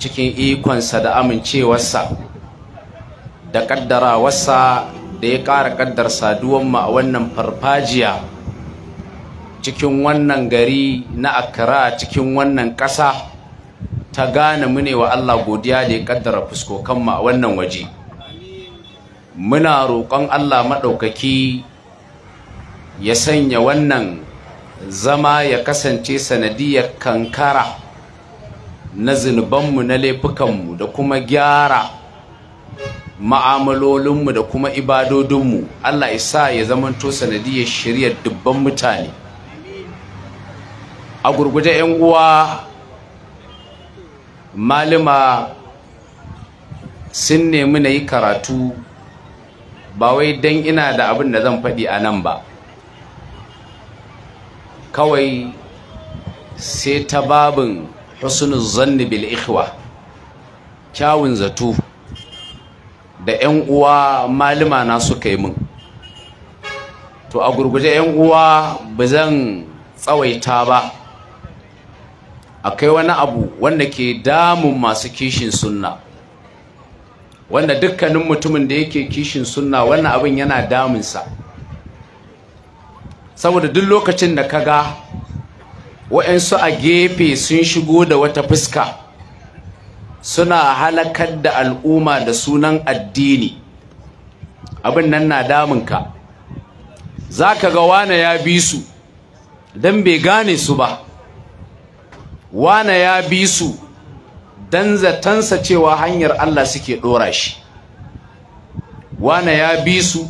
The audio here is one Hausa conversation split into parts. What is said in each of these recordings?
cikin ikonsa da amincewarsa da wasa da ya ƙara kaddar saduwanmu a wannan farfajiya cikin wannan gari na akara cikin wannan ƙasa ta gane mune wa Allah godiya da ya kaddara fuskokanmu a wannan waje muna roƙon Allah maɗaukaki ya sanya wannan zama ya kasance sanadiyar kankara na zunubanmu na laifukanmu da kuma gyara ma'amalolinmu da kuma ibadodinmu Allah isa ya zamanto sanadiyar shirya dubban mutane a gurguje 'yan uwa malima sun nemi na yi karatu ba wai don ina da abin da zan faɗi a nan ba kawai sai ta babin husnu zanni bil ikhwa kyawun zato da yan uwa malama na suka yi min to a gurguje yan uwa ba zan tsawaita ba akwai wani abu wanda ke damun masu kishin sunna wanda dukkanin mutumin da yake kishin sunna wannan abin yana damunsa saboda duk lokacin da ka ga wa'yansu a gefe sun shigo da wata fuska suna halakar da al'umma da sunan addini abin nan na damunka za ka ga wane ya bi su don bai gane su ba wane ya bi su don zatansa cewa hanyar Allah suke ɗora shi wane ya bi su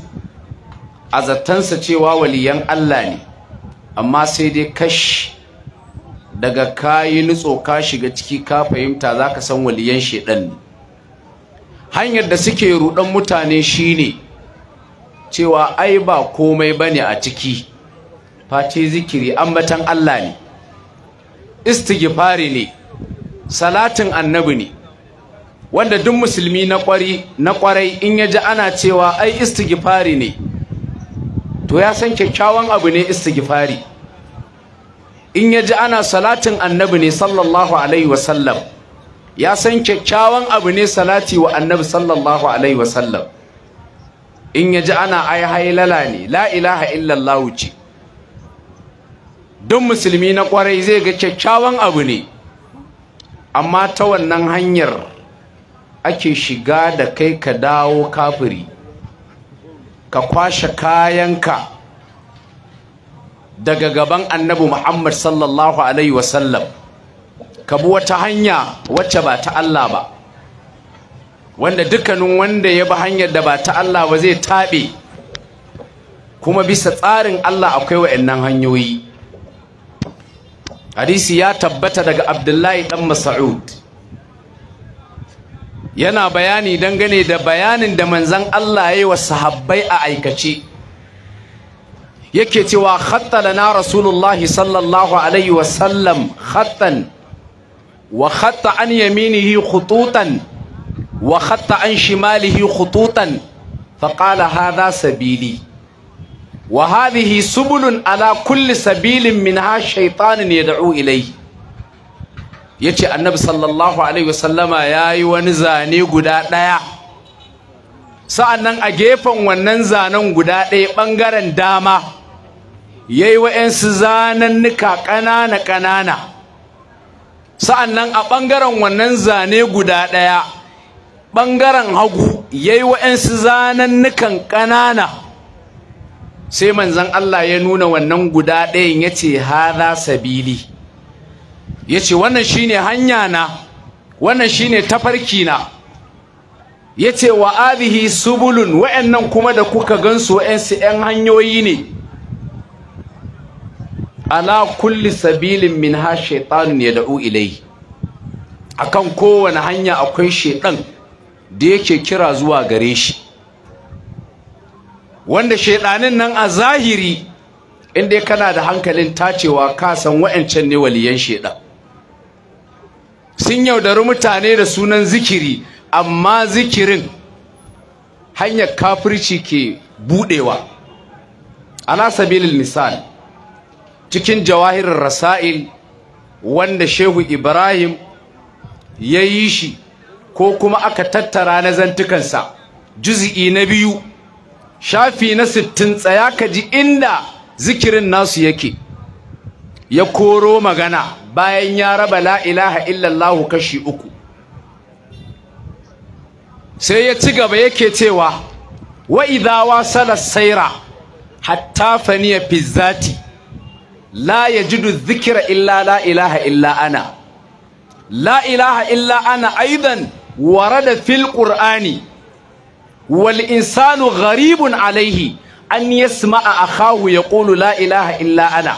a zatansa cewa waliyan Allah ne amma sai dai kashi daga kayi nutso ka shiga ciki ka fahimta za ka san waliyan shaidan ne hanyar da suke rudan mutane shine cewa ai ba komai bane a ciki face zikiri ambatan Allah ne istighfari ne salatin annabi ne wanda duk musulmi na kwari na kwarai in ya ji ana cewa ai istighfari ne to ya san kyakkyawan abu ne istighfari in ya ji ana salatin annabi ne sallallahu alaihi wasallam ya san kyakkyawan abu ne salati wa annabi sallallahu alaihi wasallam in ya ji ana ai hailala ne la ilaha illallah ce duk musulmi na kwarai zai ga kyakkyawan abu ne amma ta wannan hanyar ake shiga da kai ka dawo kafiri ka kwashe kayanka daga gaban annabi Muhammad sallallahu alaihi wasallam ka bi wata hanya wacce ba ta Allah ba wanda dukkanin wanda ya bi hanyar da ba ta Allah ba zai taɓe kuma bisa tsarin Allah akwai wa'annan hanyoyi hadisi ya tabbata daga Abdullahi ɗan Masa'ud. yana bayani dangane da bayanin da manzan Allah ya yi wa sahabbai a aikace yake cewa khatta na rasulullahi sallallahu alaihi wasallam khattan wa khatta an yaminihi khututan wa khatta an shimalihi khututan فقال هذا سبيلي وهذه سبل على كل سبيل منها شيطان يدعو إليه yace annabi sallallahu alaihi wasallama yayi wani zane guda daya sa'annan a gefen wannan zanen guda daya bangaren dama ya yi wa'yansu zanannuka ƙanana-ƙanana sa'an nan a ɓangaren wannan zane guda ɗaya ɓangaren hagu ya yi wa'yansu zanannukan ƙanana sai manzan Allah ya nuna wannan guda ɗayan ya ce hada sabili ya ce wannan shine hanya na wannan shine tafarki na ya ce wa subulun wayannan kuma da kuka gansu wa'yansu 'yan hanyoyi ne ala kulli sabilin min ha ne da da'u ilai kan kowane hanya akwai shaitan da yake kira zuwa gare shi wanda shaitanin nan a zahiri inda kana da hankalin tacewa kasan san wa'ancan ne waliyan shaitan sun yaudari mutane da sunan zikiri amma zikirin hanyar kafirci ke budewa ala sabilin misali cikin jawahirin rasail wanda shehu ibrahim ya yi shi ko kuma aka tattara na zantukansa juzi'i na biyu shafi na sittin tsaya ka ji inda zikirin nasu yake ya koro magana bayan ya raba la'ilaha illallahu illallah kashi uku sai ya ci gaba yake cewa wa Salas saira hatta faniya fi zati la yajidu dhikra illa la illa ana la ilaha illa ana aidan warada fil qur'ani wal insanu gharibun alaihi an yasma'a akhahu yaqulu la ilaha illa ana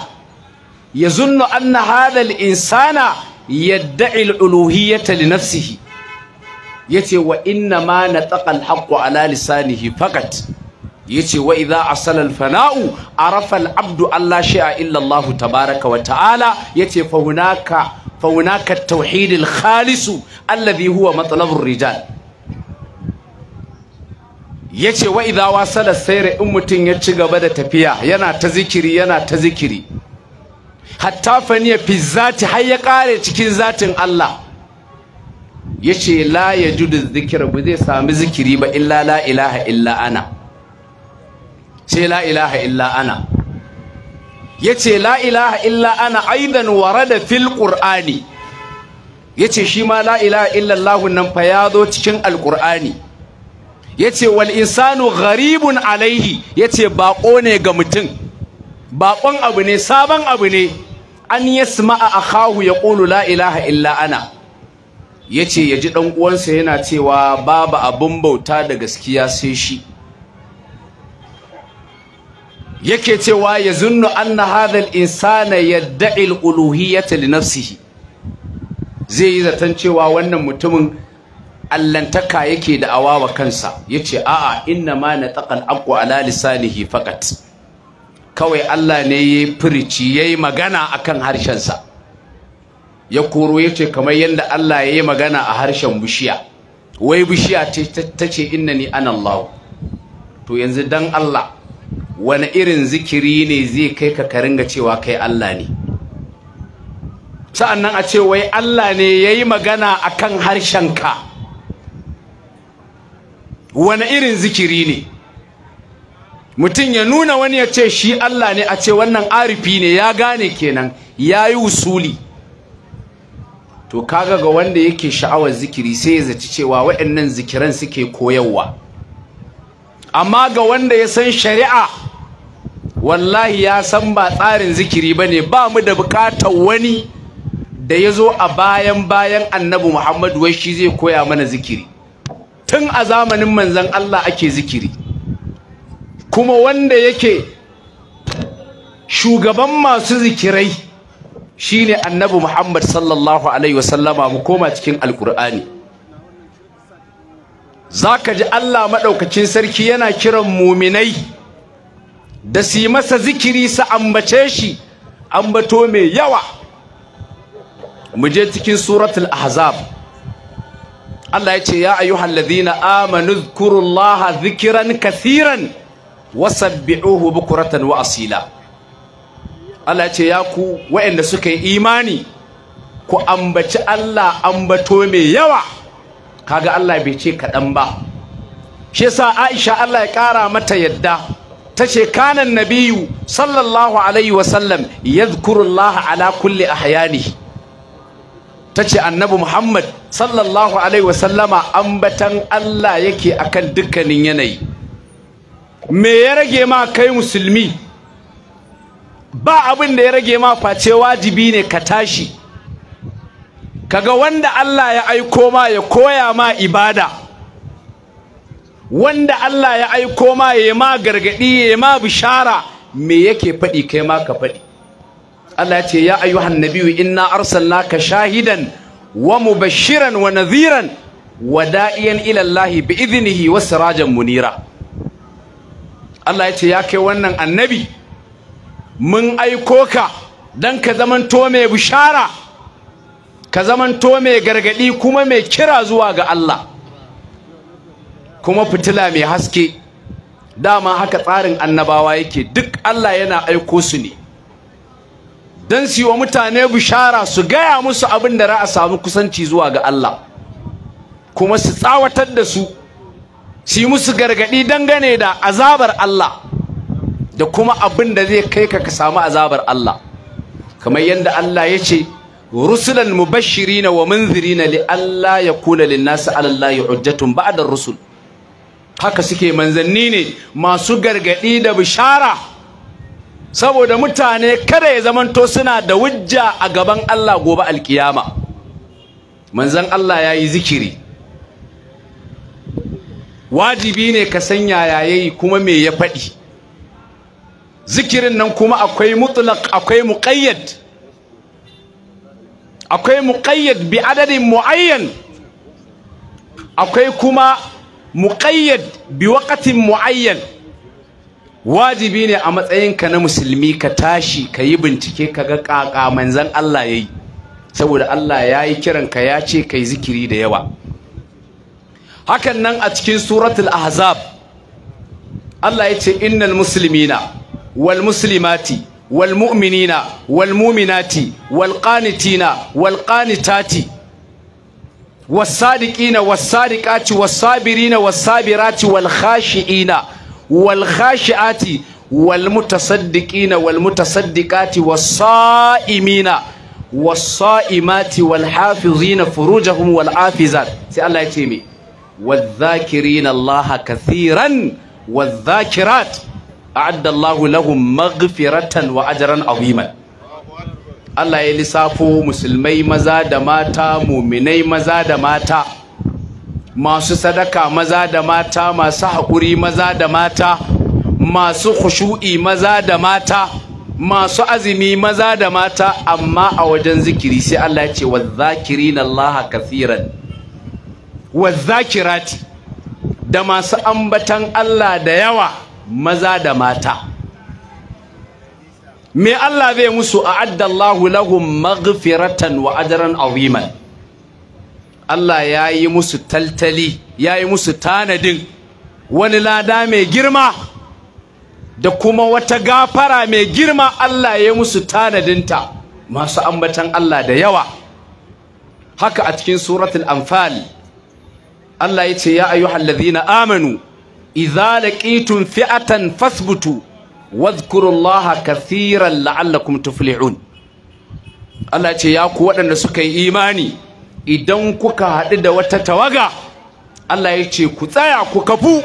yazunnu anna hadha al insana yadda'i al uluhiyyata li nafsihi yace wa inna ma nataqa al haqqu ala lisanihi faqat yace wa idza asala fana'u arafa al-abdu Allah shi'a illa Allah tabaraka wa ta'ala yace fa hunaka fa hunaka at-tauhid al-khalis alladhi huwa matlab ar-rijal yace wa idza wasala sayr in mutun ya ci gaba da tafiya yana ta zikiri yana ta zikiri hatta faniya fi zati har ya kare cikin zatin Allah yace la yajudu dhikra ba zai sami zikiri ba illa la ilaha illa ana sai la ilaha illa ana yace la ilaha illa ana aidan warada fil qur'ani yace shi ma la ilaha illa nan fa ya zo cikin alqur'ani yace wal insanu gharibun alaihi yace bako ne ga mutum baƙon abu ne sabon abu ne an a akahu ya la ilaha illa ana yace yaji dan uwansa yana cewa babu abun bauta da gaskiya sai shi yake cewa ya zunnu anna hadhal insana yadda'i al ya li nafsihi zai yi zaton cewa wannan mutumin allantaka yake da awawa kansa Ya yace a'a inna ma nataqal aqu ala lisanihi fakat kawai Allah ne yayi furici yi magana akan harshen sa ya koro ya ce kamar yadda Allah ya yi magana a harshen bishiya wai bishiya ta ce tace innani an Allah to yanzu dan Allah wani irin zikiri ne zai kai ka karinga cewa kai Allah ne sa'annan a ce wai Allah ne ya yi magana a kan ka? wani irin zikiri ne mutum ya nuna wani ya ce shi Allah ne a ce wannan arifi ne ya gane kenan ya yi usuli to kaga ga wanda yake sha'awar zikiri sai ya zaci cewa waɗannan zikiran suke koyarwa amma ga wanda ya san shari'a wallahi ya san ba tsarin zikiri ba ne ba mu da bukatar wani da ya zo a bayan bayan annabi muhammadu wai shi zai koya mana zikiri tun a zamanin manzan allah ake zikiri kuma wanda yake shugaban masu zikirai shine annabi muhammad sallallahu alaihi wasallama mu koma cikin alkur'ani za ka ji allah maɗaukacin sarki yana kiran muminai da su yi masa zikiri su ambace shi ambato mai yawa mu je cikin suratul ahzab Allah ya ce ya ayyuhal ladhina amanu dhkurullaha dhikran kathiran wasabbihuhu bukratan wa asila Allah ya ce ya ku waɗanda suka yi imani ku ambaci Allah ambato mai yawa kaga Allah bai ce kaɗan ba shi yasa Aisha Allah ya ƙara mata yadda tace Kanan nabiyu sallallahu alaihi wasallam yadhkurullaha ala kulli ahyanihi tace annabi Muhammad sallallahu alaihi wasallama ambatan Allah yake akan dukkanin yanayi me ya rage ma kai musulmi ba abin da ya rage ma face wajibi ne ka tashi kaga wanda Allah ya aiko ma ya koya ma ibada wanda Allah ya aiko ma ya ma gargadi ya ma bishara me yake faɗi kai ma ka faɗi Allah ya ce ya ayyuhan nabiyyu inna arsalnaka shahidan wa mubashiran wa nadhiran wa da'iyan ila Allah bi idnihi wa sirajan munira Allah ya ce ya kai wannan annabi mun aiko ka dan ka zamanto mai bishara ka zamanto mai gargadi kuma mai kira zuwa ga Allah kuma fitila mai haske dama haka tsarin annabawa yake duk Allah yana aiko su ne don su yi wa mutane bishara su gaya musu abin da ra'a samu kusanci zuwa ga Allah kuma su tsawatar da su su yi musu gargaɗi dangane da azabar Allah da kuma abin da zai kai ka ka samu azabar Allah kamar yadda Allah ya ce rusulan mubashirina wa munzirina li Allah ya kuna linnasi ala Allah hujjatun ba'da rusul haka suke manzanni ne masu gargadi da bishara saboda mutane kada ya zamanto suna da wujja a gaban Allah gobe alkiyama manzan Allah ya yi zikiri wajibi ne ka sanya yayi kuma me ya faɗi zikirin nan kuma akwai mutlaq akwai muqayyad akwai muqayyad bi adadin muayyan akwai kuma muƙayyad bi waqatin mu'ayyan wajibi ne a matsayinka na musulmi ka tashi ka yi bincike ka ga ƙaƙa manzan Allah ya yi saboda Allah ya yi kiranka ya ce ka yi zikiri da yawa hakan nan a cikin suratul ahzab Allah ya ce innal muslimina wal muslimati wal mu'minina wal mu'minati wal qanitina wal qanitati والصادقين والصادقات والصابرين والصابرات والخاشئين والخاشعات والمتصدقين والمتصدقات والصائمين والصائمات والحافظين فروجهم والعافزات سي الله يتيمي والذاكرين الله كثيرا والذاكرات أعد الله لهم مغفرة وأجرا عظيما Allah ya lissafo musulmai maza da mata muminai maza da mata masu sadaka maza da mata masu haƙuri maza da mata masu khushu'i maza da mata masu azumi maza da mata amma a wajen zikiri sai Allah ya ce wadh-dhakirina Allah kathiran wadh da masu ambatan Allah da yawa maza da mata me Allah zai musu a addallahu lahum maghfiratan wa ajran aziman Allah ya yi musu taltali ya yi musu tanadin wani lada mai girma da kuma wata gafara mai girma Allah ya yi musu tanadinta masu ambatan Allah da yawa haka a cikin suratul anfal Allah ya ce ya ayyuhallazina amanu idza laqitum fi'atan fasbutu wadhkurullaha kasiran la'allakum tuflihun Allah ce ya ku waɗanda suka yi imani idan kuka haɗu da wata tawaga Allah ya ce ku tsaya ku kafu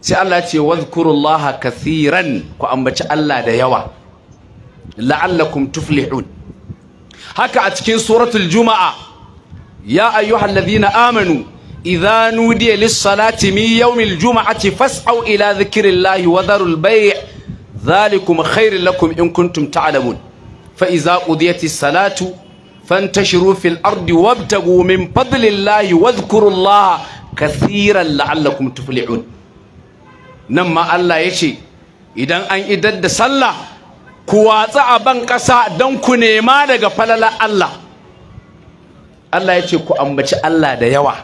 sai Allah ce wadhkurullaha kathiran ku ambaci Allah da yawa la'allakum tuflihun haka a cikin suratul juma'a ya ayyuhalladhina amanu idza nudiya lis-salati min yawmil juma'ati fas'au ila dhikrillahi wa dharul bay' ذلكم خير لكم إن كنتم تعلمون فإذا قضيت الصلاة فانتشروا في الأرض وابتغوا من فضل الله واذكروا الله كثيرا لعلكم تفلحون نما الله يشي idan an idar da sallah ku watsa a ban ƙasa don ku nema daga falalar Allah Allah ya ce ku ambaci Allah da yawa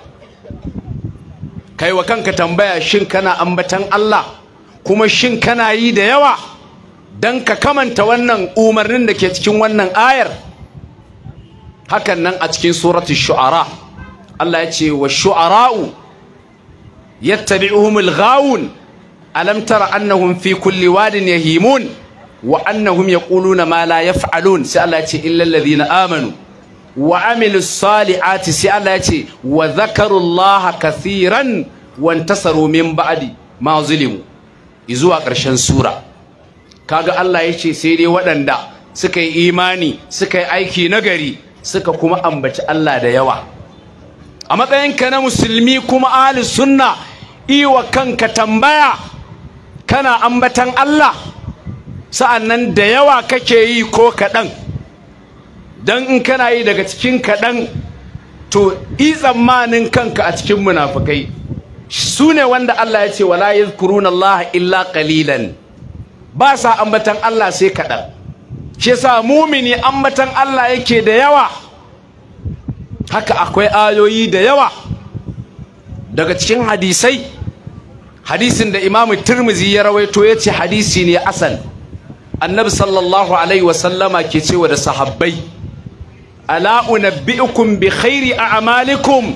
kai wa ka tambaya shin kana ambatan Allah kuma shin kana yi da yawa Dan ka kamanta wannan umarnin da ke cikin wannan ayar hakan nan a cikin suratun shu'ara Allah ya ce wa shu'ara'u yattabi'uhumul ghawun alam tara annahum fi kulli wadin yahimun wa annahum yaquluna ma la yaf'alun sai Allah ya ce illal ladina amanu wa amilus salihati sai Allah ya ce wa zakarullaha kathiran wa intasaru min ba'di ma zulimu zuwa ƙarshen sura kaga Allah ya ce sai dai waɗanda suka yi imani suka yi aiki nagari suka kuma ambaci Allah da yawa a matsayinka na musulmi kuma ahli sunna iwa kanka tambaya kana ambatan Allah sa'annan da yawa kake yi ko kaɗan don in kana yi daga cikin kaɗan to yi tsammanin kanka a cikin munafukai su ne wanda Allah ya ce wala yadhkuruna Allah illa qalilan ba sa ambatan Allah sai kaɗan shi sa mumini ambatan Allah yake da yawa haka akwai ayoyi da yawa daga cikin hadisai hadisin da imamu turmizi ya rawaito ya ce hadisi ne asal annabi sallallahu alaihi wasallama ke cewa da sahabbai ala unabbi'ukum bi khairi a'malikum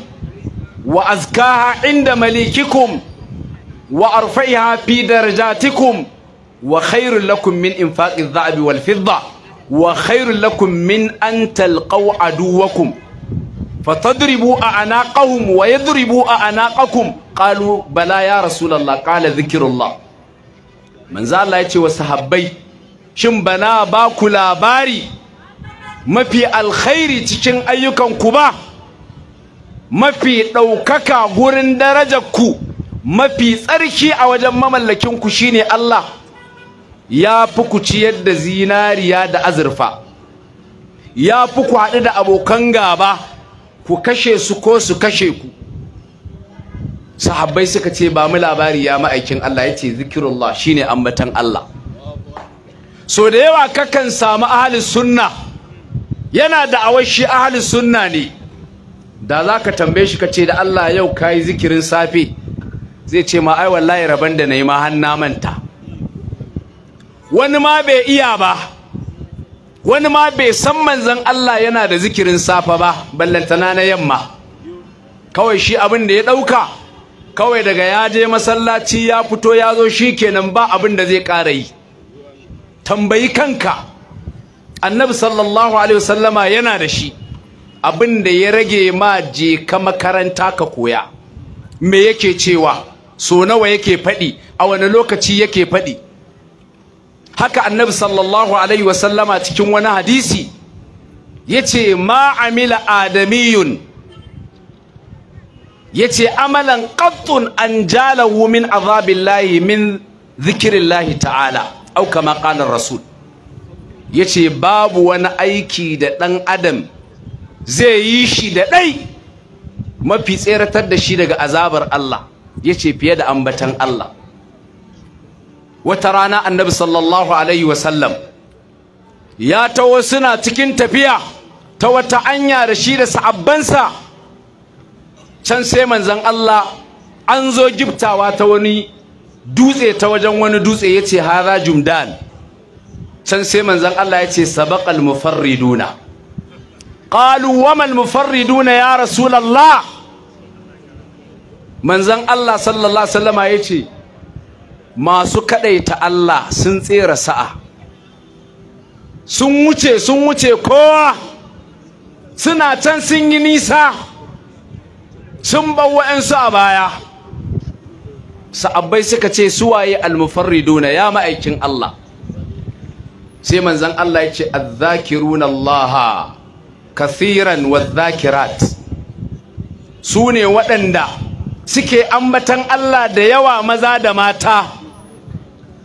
wa azkaha inda malikikum wa arfa'iha fi darajatikum wa khairul lakum min infaqi dhahabi wal fidda wa khairul lakum min an talqaw aduwakum fatadribu a'naqahum wa yadribu a'naqakum qalu bala ya rasu qala dhikrullah manzo Allah ya ce wa sahabbai shin bana ba ku labari mafi alkhairi cikin ayyukan ku ba mafi ɗaukaka gurin darajar ku mafi tsarki a wajen mamallakin ku shine Allah ya fi ku ciyar da zinariya da azurfa ya fi ku haɗu da abokan gaba ku kashe su ko su kashe ku sahabbai suka ce ba mu labari ya ma'aikin Allah ya ce zikirullah ne ambatan Allah so da yawa kakan samu ahli sunna yana da awashi ahli sunna ne da za ka tambaye shi ka ce da Allah yau ka yi zikirin safe zai ce ma ai wallahi rabon da na yi ma har manta wani ma bai iya ba wani ma bai san manzon Allah yana da zikirin safa ba ballantana na yamma kawai shi abin da ya ɗauka kawai daga ya je masallaci ya fito ya zo shi kenan ba abin da zai ƙara yi tambayi kanka annabi sallallahu alaihi wasallama yana da shi abin da ya rage ma je ka makaranta ka koya me yake cewa so nawa yake faɗi a wani lokaci yake faɗi haka annabi sallallahu alaihi wasallama cikin wani hadisi yace ce ma'amila adamiyun yace amalan qattun an jala wumin azabillahi min zikirillahi ta'ala auka maƙanar rasul rasul yace babu wani aiki da ɗan adam zai yi shi da ɗai mafi tseratar da shi daga azabar Allah yace fiye da ambatan Allah wata rana annabi sallallahu alaihi wasallam ya taho suna cikin tafiya ta wata anya da shi da sa'abbansa can sai manzon Allah an zo giftawa ta wani dutse ta wajen wani dutse yace hara jumdan can sai manzon Allah yace sabaqal mufarriduna qalu wamal mufarriduna ya rasulullah manzon Allah sallallahu alaihi ya yace masu kadaita Allah sun tsere sa'a sun wuce sun wuce kowa suna can sun yi nisa sun bar wa'ansu a baya sa'abbai suka ce suwaye almufarriduna ya ma'aikin Allah sai manzan Allah ya ce adh-dhakiruna Allah kathiran wadh su ne waɗanda suke ambatan Allah da yawa maza da mata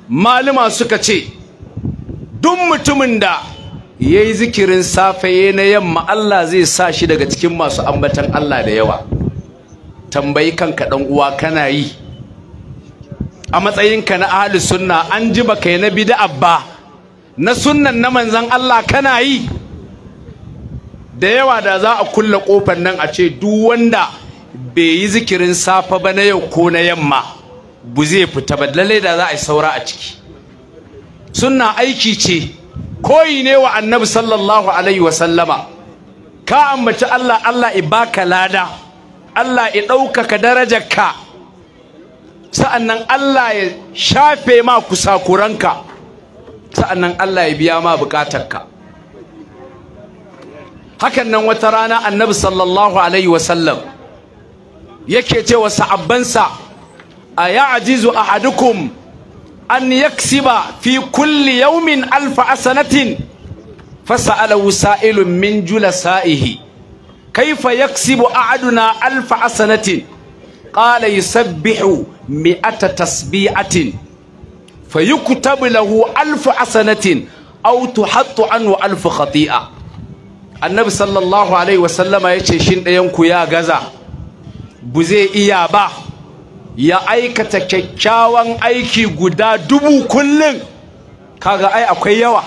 malama suka ce duk mutumin da ya yi zikirin safe na yamma Allah zai sa shi daga cikin masu ambatan Allah da yawa tambayi kanka ɗan uwa kana yi a matsayinka na ahli sunna an ji baka yi na bid'a ba na sunnan na manzon Allah kana yi da yawa da za a kulle kofar nan a ce duk wanda bai yi zikirin safe ba na yau ko na yamma bu zai fita ba lalle da za a yi saura a ciki sunna aiki ce koyi ne wa annabi sallallahu alaihi wa sallama ka ambaci Allah Allah i baka lada Allah i ɗaukaka darajarka sa'annan Allah ya shafe ma kusakuranka sa'annan Allah ya biya ma bukatarka hakan nan wata rana annabi sallallahu alaihi wa sallam yake wa sa'abbansa a ya'jizu ahadukum an yaksiba fi kulli yawmin alfa asanatin fasa'alahu sa'ilun min julasa'ihi kaifa yaksibu ahaduna alfa asanatin qala yusabbihu mi'ata tasbi'atin fayuktabu lahu alfu asanatin aw tuhattu anhu alfu khati'a annabi sallallahu alaihi wasallama ya ce shin ku ya gaza bu zai iya ba ya aikata kyakkyawan aiki guda dubu kullum kaga ai akwai yawa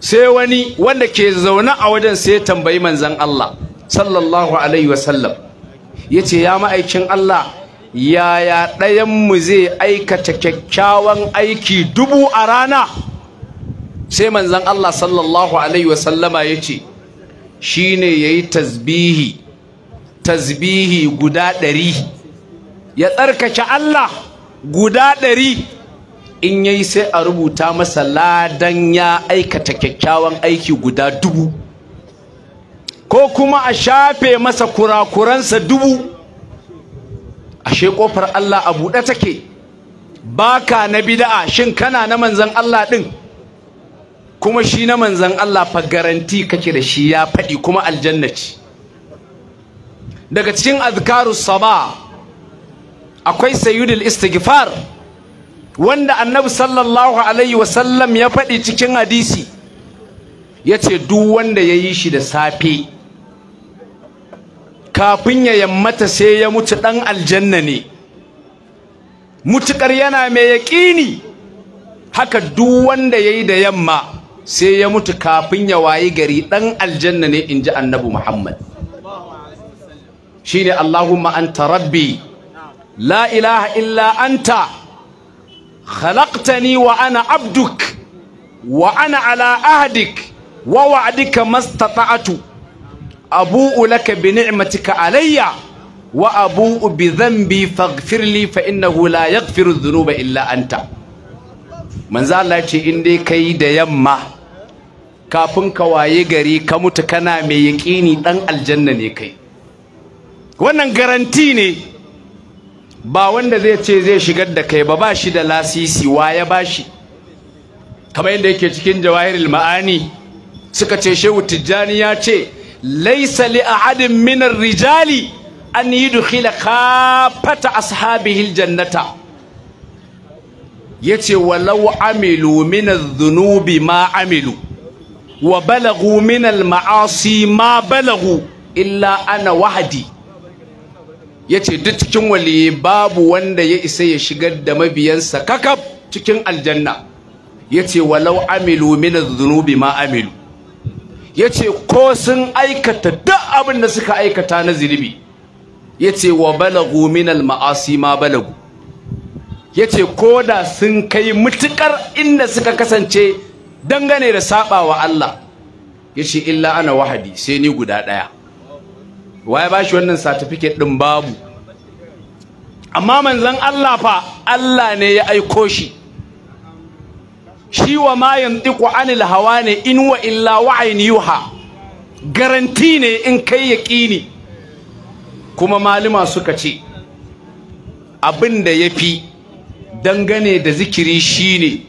sai wani wanda ke zaune a wajen sai tambayi manzan Allah sallallahu alaihi wasallam ya ce ya ma'aikin Allah yaya mu zai aikata kyakkyawan aiki dubu a rana sai manzan Allah sallallahu alaihi wasallama ya ce shi ne ya yi tasbihi tasbihi guda ɗari ya tsarkake Allah guda ɗari in yayi sai a rubuta masa ladan ya aikata kyakkyawan aiki guda dubu ko kuma a shafe masa kurakuransa dubu ashe kofar Allah a buɗe take baka na bid'a shin kana na manzon Allah ɗin? kuma shi na manzon Allah fa garanti kake da shi ya faɗi kuma aljanna ce daga cikin azkarus sabah akwai sayyidul istighfar wanda annabi sallallahu alaihi wasallam ya faɗi cikin hadisi ya ce duk wanda ya yi shi da safe kafin ya yammata sai ya mutu ɗan aljanna ne mutuƙar yana mai yaƙini haka duk wanda ya yi da yamma sai ya mutu kafin ya wayi gari ɗan aljanna ne in ji annabi muhammad shine ne allahumma anta rabbi la ilaha illa anta khalaqtani wa ana abduk wa ana ala ahdik wa abu'u laka bi ni'matika alayya wa abu'u bi dhanbi faghfirli fa innahu la yaghfiru dhunuba illa anta manzo Allah ce in dai kai da yamma kafin ka waye gari ka mutu kana mai yaƙini ɗan aljanna ne kai wannan garanti ne ba wanda zai ce zai shigar da kai ba ba shi da lasisi wa ya ba shi kamar yadda yake cikin jawahirul ma'ani suka ce shehu tijjani ya ce laisa li ahadin min rijali an yudkhila kafata ashabihi aljannata yace walau amilu min adh-dhunubi ma amilu wa balagu min al-ma'asi ma balagu illa ana wahdi ya ce duk cikin waliyi babu wanda ya isa ya shigar da mabiyansa kakaf cikin aljanna ya ce walau amilu min zunubi ma amilu ya ce ko sun aikata duk abin da suka aikata na zunubi ya ce wa balagu min ma'asi ma balagu ya ce ko da sun kai mutukar inda suka kasance dangane da saɓawa Allah ya ce illa ana wahadi sai ni guda ɗaya waye ba shi wannan certificate ɗin babu amma manzon Allah fa Allah ne ya aiko shi shi wa ma yantiku anil hawa ne in wa illa wa'in yuha garanti ne in kai yaqini kuma malima suka ce abin da yafi dangane da zikiri shine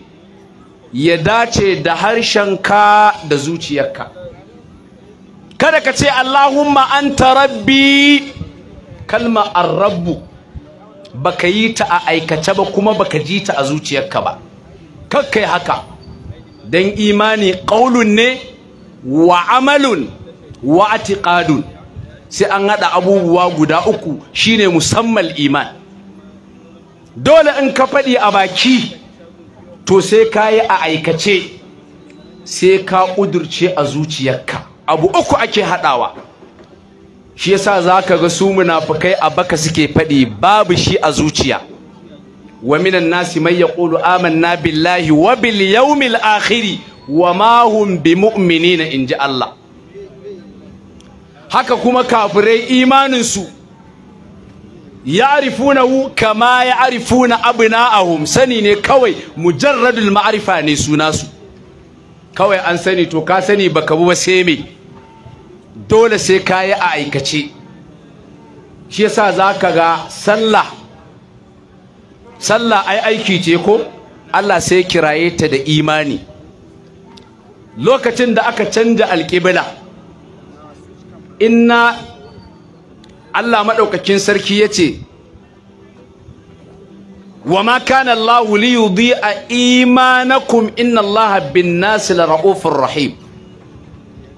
ya dace da harshen ka da zuciyarka kada ka ce Allahumma anta rabbi kalma arrabbu baka yi ta a aikace ba kuma baka ji ta a zuciyarka ba kakkai haka dan imani qaulun ne wa amalun wa atiqadun sai an haɗa abubuwa guda uku shine musammal iman dole in ka faɗi a baki to sai ka yi a aikace sai ka ƙudurce a zuciyarka abu uku ake haɗawa shi yasa za ka ga su munafukai a baka suke faɗi babu shi a zuciya wa minan nasi man yaqulu amanna billahi wa bil yawmil akhir wa ma hum bimu'minina inji Allah haka kuma kafirai imanin su ya'rifunahu kama ya'rifuna abna'ahum sani ne kawai mujarradul ma'rifa ne sunasu. kawai an sani to ka sani baka bu ba sai me dole sai ka yi a aikace shi yasa za ka ga sallah sallah ai aiki ce ko Allah sai kiraye ta da imani lokacin da aka canja alƙibla inna Allah maɗaukakin sarki ya ce wa ma kana Allah li a imanakum inna Allah bin nasi la ra'ufur rahim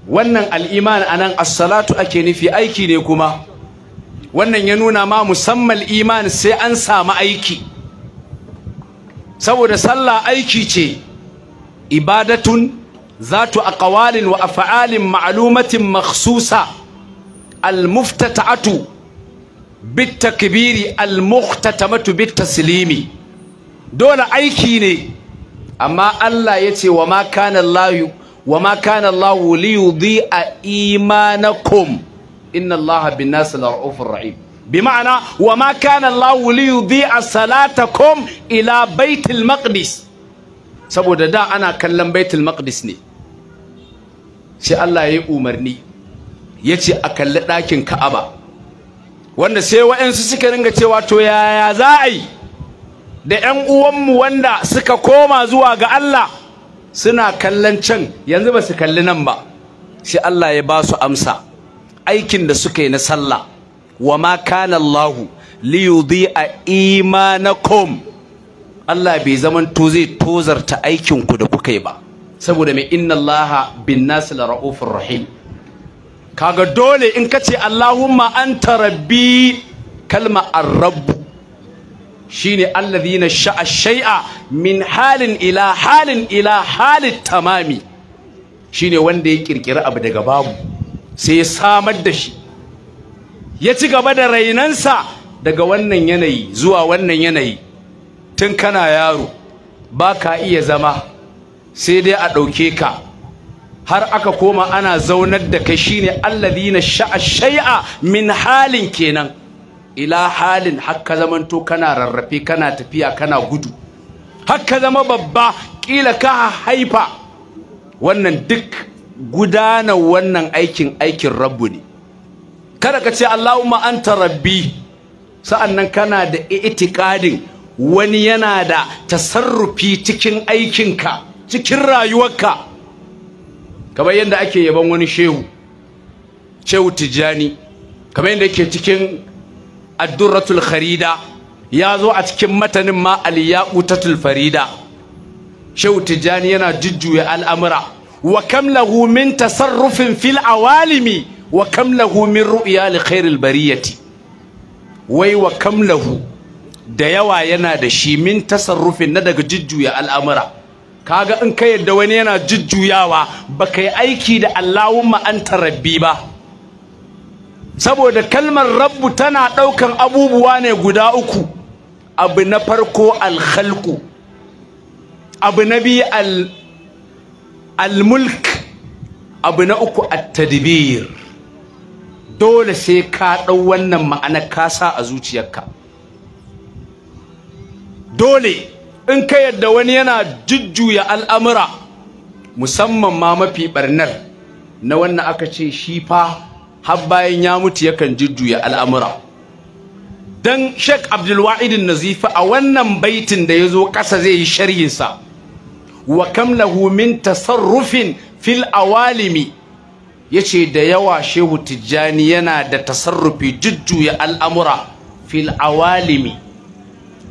wannan al'iman anan as-salatu ake nufi aiki ne kuma wannan ya nuna ma musamman iman sai an samu aiki saboda sallah aiki ce ibadatun zatu aqwalin wa af'alin ma'lumatin makhsusa al-muftata'atu bitakbiri al-mukhtatamatu bitaslimi dole aiki ne amma Allah yace wa ma kana Allahu wa ma kana Allah li inna Allah bin nas la'ufur rahim bima'ana wa ma kana Allah li yudhi'a salatakum ila baitul maqdis saboda da ana kallon baitul maqdis ne sai Allah ya yi umarni ya ce a kalli ɗakin ka'aba wanda sai wa'yansu suka ringa cewa to yaya za a da 'yan uwanmu wanda suka koma zuwa ga Allah suna kallon can yanzu ba su kalli nan ba sai Allah ya ba su amsa aikin da suka yi na sallah wa ma kana Allahu li yudhi'a imanakum Allah bai zaman to zai tozarta aikin ku da kuka yi ba saboda mai inna Allah bin nas la raufur rahim kaga dole in kace Allahumma anta rabbi kalma ar-rabb shine alladhina sha'a shay'a min halin ila halin ila halin tamami shine wanda ya kirkira abu daga babu sai ya samar da shi ya ci gaba da rainansa daga wannan yanayi zuwa wannan yanayi tun kana yaro ba ka iya zama sai dai a ɗauke ka har aka koma ana zaunar da kai shine alladhina sha'a shay'a min halin kenan ila halin hakka zamanto kana rarrafe kana tafiya kana gudu hakka zama babba kila ka haifa wannan duk gudanar wannan aikin aikin rabbu ne kada ka ce Allahumma anta rabbi sa'annan kana da itikadin wani yana da tasarrufi cikin aikinka cikin rayuwarka kamar yadda ake yaban wani shehu shehu tijjani kamar yadda yake cikin addurratul kharida ya zo a cikin matanin ma aliyaqutatul farida shehu tijani yana jujjuya al'amura wa kam lahu min tasarrufin fil awalimi wa kam lahu min ru'ya li khairil bariyati wai wa kam lahu da yawa yana da shi min tasarrufin na daga jujjuya al'amura kaga in ka yadda wani yana jujjuyawa baka yi aiki da Allahumma anta rabbi ba saboda kalmar rabbu tana ɗaukan abubuwa ne guda uku abu na farko alhalku abu na biyu almulk abu na uku attadbir dole sai ka ɗau wannan ma'ana ka sa a zuciyarka dole in ka yadda wani yana jujjuya al'amura musamman ma mafi ɓarnar na wannan aka ce shi fa har bayan ya mutu yakan jujjuya al'amura dan Sheikh Abdul Wahid a wannan baitin da ya zo ƙasa zai yi sharhin sa wa kam lahu min tasarrufin fil awalimi yace da yawa Shehu Tijjani yana da tasarrufi jujjuya al'amura fil awalimi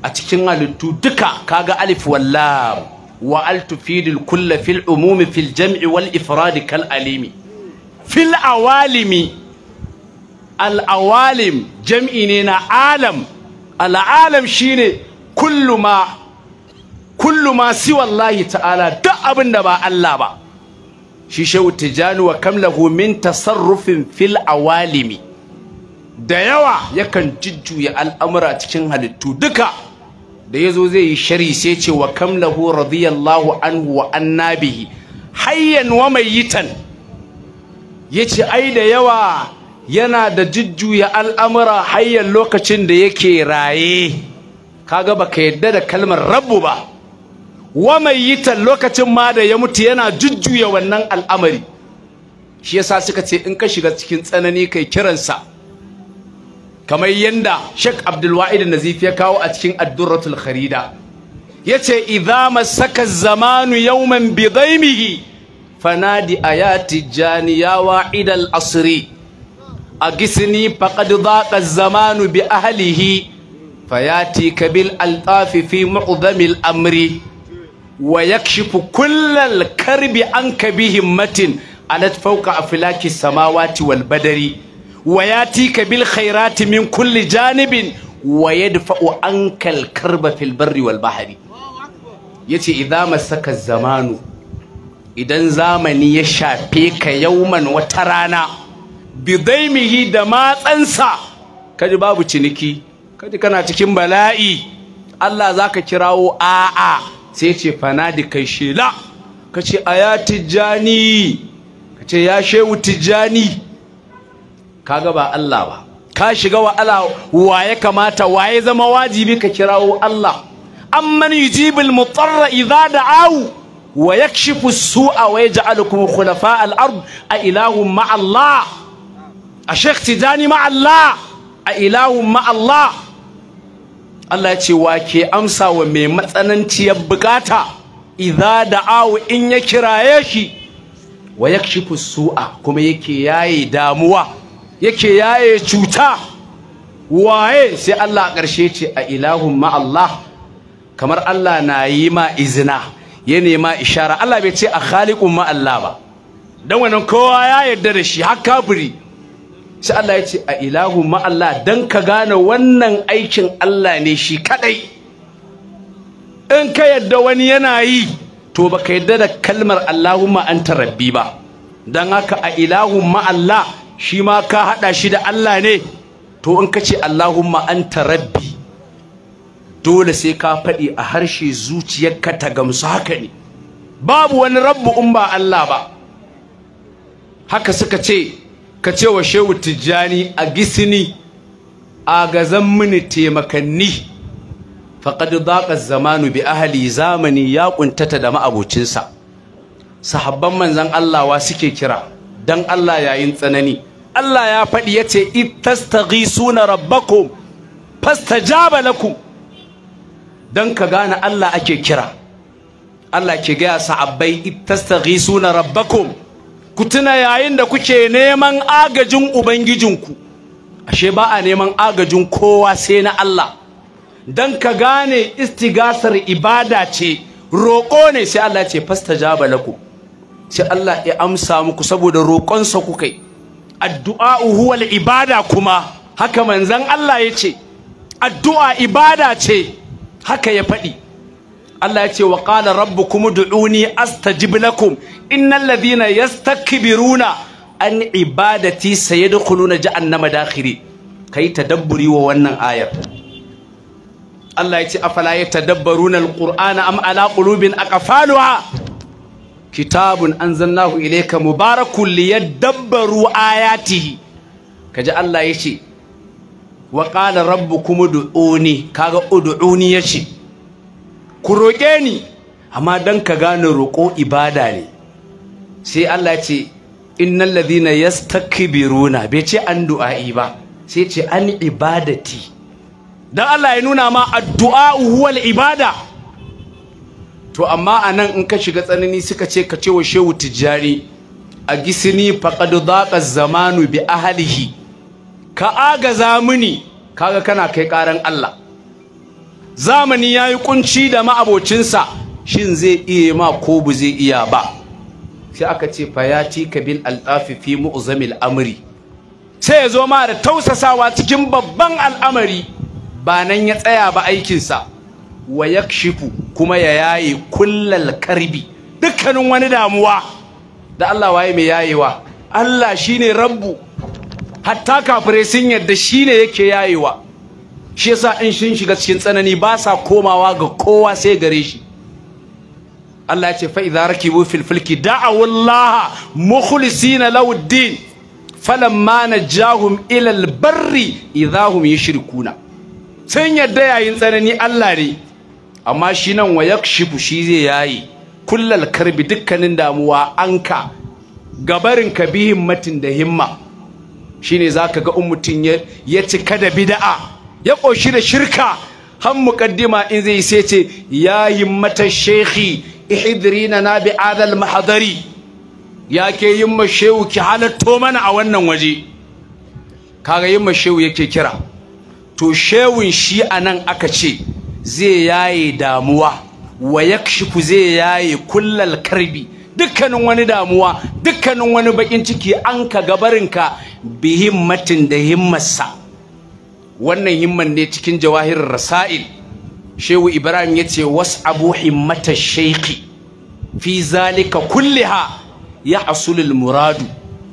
a cikin halittu duka kaga alif wallam wa al tufidul kull fil umumi fil jam'i wal ifrad kal alimi fil awalimi al'awalim jam'i ne na alam al'alam shine kullu ma kullu ma siwallahi ta'ala duk abin da ba Allah ba shi shehu tijani wa kamlahu min tasarrufin fil awalimi da yawa yakan jujjuya al'amura cikin halittu duka da ya zo zai yi shari sai ce wa kamlahu radiyallahu anhu wa annabihi hayyan wa Ya ce ai da yawa yana da jujjuya al'amura hayyar lokacin da yake raye kaga baka yadda da kalmar rabu ba wa mai yi ta lokacin ma da ya mutu yana jujjuya wannan al'amari shi yasa suka ce in ka shiga cikin tsanani kai kiransa kamar yadda shek Abdul Wahid Nazif ya kawo a cikin adduratul kharida Kharida yace idza masaka zamanu yawman bidaimihi fanadi ayati janiya wa asri a gisini faƙad zaƙa zamanu bi ahalihi fayati kabil altafi fi mu'udhamil amri wa yakshifu kullal karbi an kabihim matin alat fauka afilaki samawati wal badari wa yati kabil khairati min kulli janibin waya yadfa'u ankal karba fil barri wal bahari yace idan masaka zamanu idan zamani ya shafe ka yauman wata rana bidaimihi da matsansa kaji babu ciniki kaji kana cikin bala'i Allah zaka kirawo a'a sai ce fanadi kai shela kace aya tijani kace ya shehu tijani kaga ba Allah ba ka shiga wa Allah waye kamata waye zama wajibi ka kirawo Allah amman yujibul mutarra idza da'au wa yakshifu as-su'a wa yaj'alukum khulafa al-ard a ilahun ma'a Allah a sheikh tijani ma Allah a ilahun ma Allah Allah ya ce wa ke amsa wa mai matsananciyar bukata idza da'awu in ya kiraye shi wa yakshifu su'a kuma yake yaye damuwa yake yaye cuta waye sai Allah a ƙarshe ce a ilahun ma Allah kamar Allah na yi ma izina ya nema ishara Allah bai ce a khaliqun ma Allah ba dan wannan kowa ya yarda da shi har kafiri sai Allah ya ce a ilahu ma'allah dan ka gane wannan aikin Allah ne shi kadai in ka yadda wani yana yi to baka yadda da kalmar Allahumma anta rabbi ba dan haka a ilahu ma'allah shi ma ka hada shi da Allah ne to in ka ce Allahumma anta rabbi dole sai ka faɗi a harshe zuciyarka ta gamsu haka ne babu wani rabbu in ba Allah ba haka suka ce ka ce wa shehu tijjani a gisini a gazan mini taimakanni faƙad zaƙa zamanu bi ahali zamani ya ƙuntata da ma'abocinsa sahabban manzan Allah wa suke kira don Allah yayin tsanani Allah ya faɗi ya ce ittastaghisuna rabbakum fastajaba lakum Don ka gane Allah ake kira Allah ke gaya sahabbai ittastaghisuna rabbakum ku tuna yayin da kuke neman agajin ubangijinku ashe ba a neman agajin kowa sai na Allah dan ka gane istigasar ibada ce roƙo ne sai Allah ce fastajaba lako sai Allah ya amsa muku saboda roƙonsa kuka yi addu'a huwal ibada kuma haka manzon Allah ya ce addu'a ibada ce haka ya faɗi Allah ya ce wa qala rabbukum ud'uni astajib lakum innal ladhina yastakbiruna an ibadati sayadkhuluna jahannama dakhiri kai tadabburi wa wannan ayar Allah ya ce afala yatadabbaruna alqur'ana am ala qulubin aqfaluha kitabun anzalnahu ilayka mubarakun liyadabbaru ayatihi kaji Allah ya ce wa qala rabbukum ud'uni kaga ud'uni yace ku roƙe ni amma don ka gane roƙo ibada ne sai Allah ce innal ladhina na bai ce an du'a'i ba sai ce an ibadati Don Allah ya nuna ma addu'a wal ibada to amma a nan in ka shiga tsanani suka ce ka ce wa shehu tijjani a gisini faqad zaƙa zamanu bi ahlihi ka agaza mini kaga kana kai ƙaran Allah zamani ya yi kunci da ma'abocinsa shin zai iya ma ko bu zai iya ba sai aka ce fayati kabil al'afi fi mu'zamil amri sai ya zo ma da tausasawa cikin babban al'amari ba nan ya tsaya ba aikinsa wa yakshifu kuma ya yaye kullal karbi dukkanin wani damuwa da Allah waye mai yayewa Allah shine rabbu hatta kafirai sun yarda shine yake yayewa shi yasa in sun shiga cikin tsanani ba sa komawa ga kowa sai gare shi Allah ya ce fa idza rakibu fil fulki da'a Allah mukhlisina Laudin. falamma najahum ila al barri idza hum yushrikuna sun yadda yayin tsanani Allah ne amma shi nan wa yakshifu shi zai yayi kullal karbi dukkanin damuwa anka gabarin kabihin matin da himma shine zaka ga in mutum ya cika da bid'a ya ƙoshi da shirka han muƙaddima in zai sai ce ya yi mata shekhi ihidrina na bi adal mahadari ya ke yin shehu ki halatto mana a wannan waje kaga yin shehu yake kira to shewun shi a nan aka ce zai yaye damuwa wa yakshifu zai yaye kullal karbi dukkanin wani damuwa dukkanin wani bakin ciki an ka gabarinka bi himmatin da himmarsa wannan himman ne cikin jawahir rasail shehu ibrahim ya ce wasu was'abu himmata shaiki fi zalika kulliha ya asulil muradu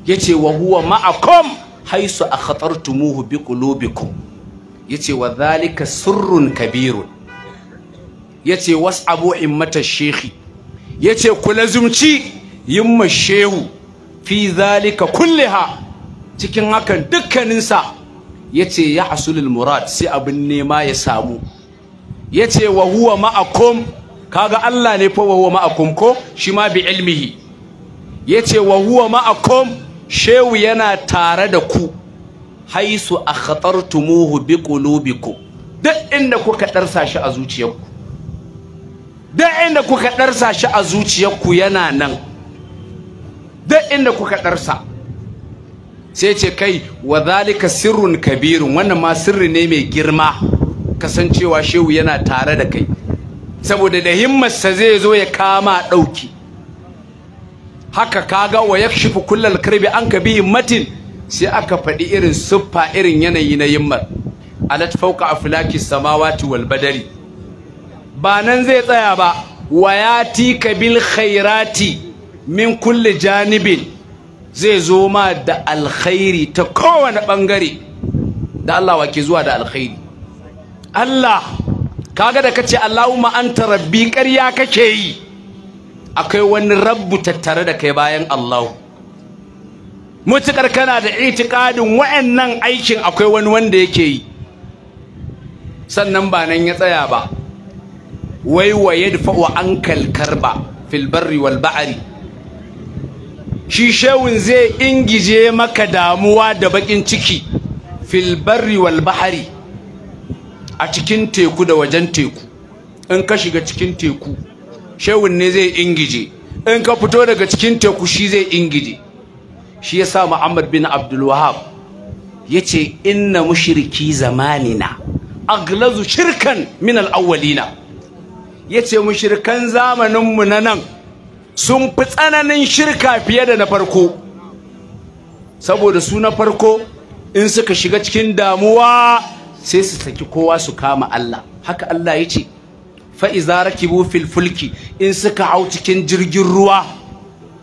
ya ce wa huwa ma'akom haisu a khatar bi kulubiku ya ce wa zalika surrun Kabiru. ya ce wasu abu himmata shaiki ya ce ku zumci himma shehu fi zalika kulliha cikin hakan dukkaninsa Ya ce ya hasulul murad sai abin nema ya samu Ya ce wa huwa ma'akum kaga Allah ne fa wa huwa ma'akum ko shi ma bi ilmihi ce wa huwa ma'akum shehu yana tare da ku haisu tumuhu bi kulubiku duk inda kuka darsa shi a zuciyarku duk inda kuka darsa shi a zuciyarku yana nan duk inda kuka darsa sai ce kai wa zalika sirrun kabirun wannan ma sirri ne mai girma kasancewa shehu yana tare da kai saboda da himmarsa zai zo ya kama ɗauki haka kaga wa shifi kullal karbi an ka bi himmatin sai aka faɗi irin siffa irin yanayi na himmar alat fauka aflaki samawati wal badari ba nan zai tsaya ba wayati kabil khairati min kulle janibin zai zo ma da alkhairi ta kowane bangare da Allah wake zuwa da alkhairi Allah kaga da kace Allahumma anta rabbi ƙarya kake yi akwai wani rabbu tattare da kai bayan Allah mutukar kana da itikadin wa'annan aikin akwai wani wanda yake yi sannan ba nan ya tsaya ba wai wa yadfa wa ankal karba fil barri wal ba'ri shi shewun zai ingije maka damuwa da bakin ciki fil barri wal bahari a cikin teku da wajen teku in ka shiga cikin teku shewun ne zai ingije in ka fito daga cikin teku shi zai ingije shi yasa Muhammad bin Abdul Wahhab yace inna mushriki zamanina aglazu shirkan min al-awwalina yace mushrikan mu na nan sun fi tsananin shirka fiye da na farko saboda su na farko in suka shiga cikin damuwa sai su saki kowa su kama Allah haka Allah ya ce fa'iza rakibu fil fulki in suka hau cikin jirgin ruwa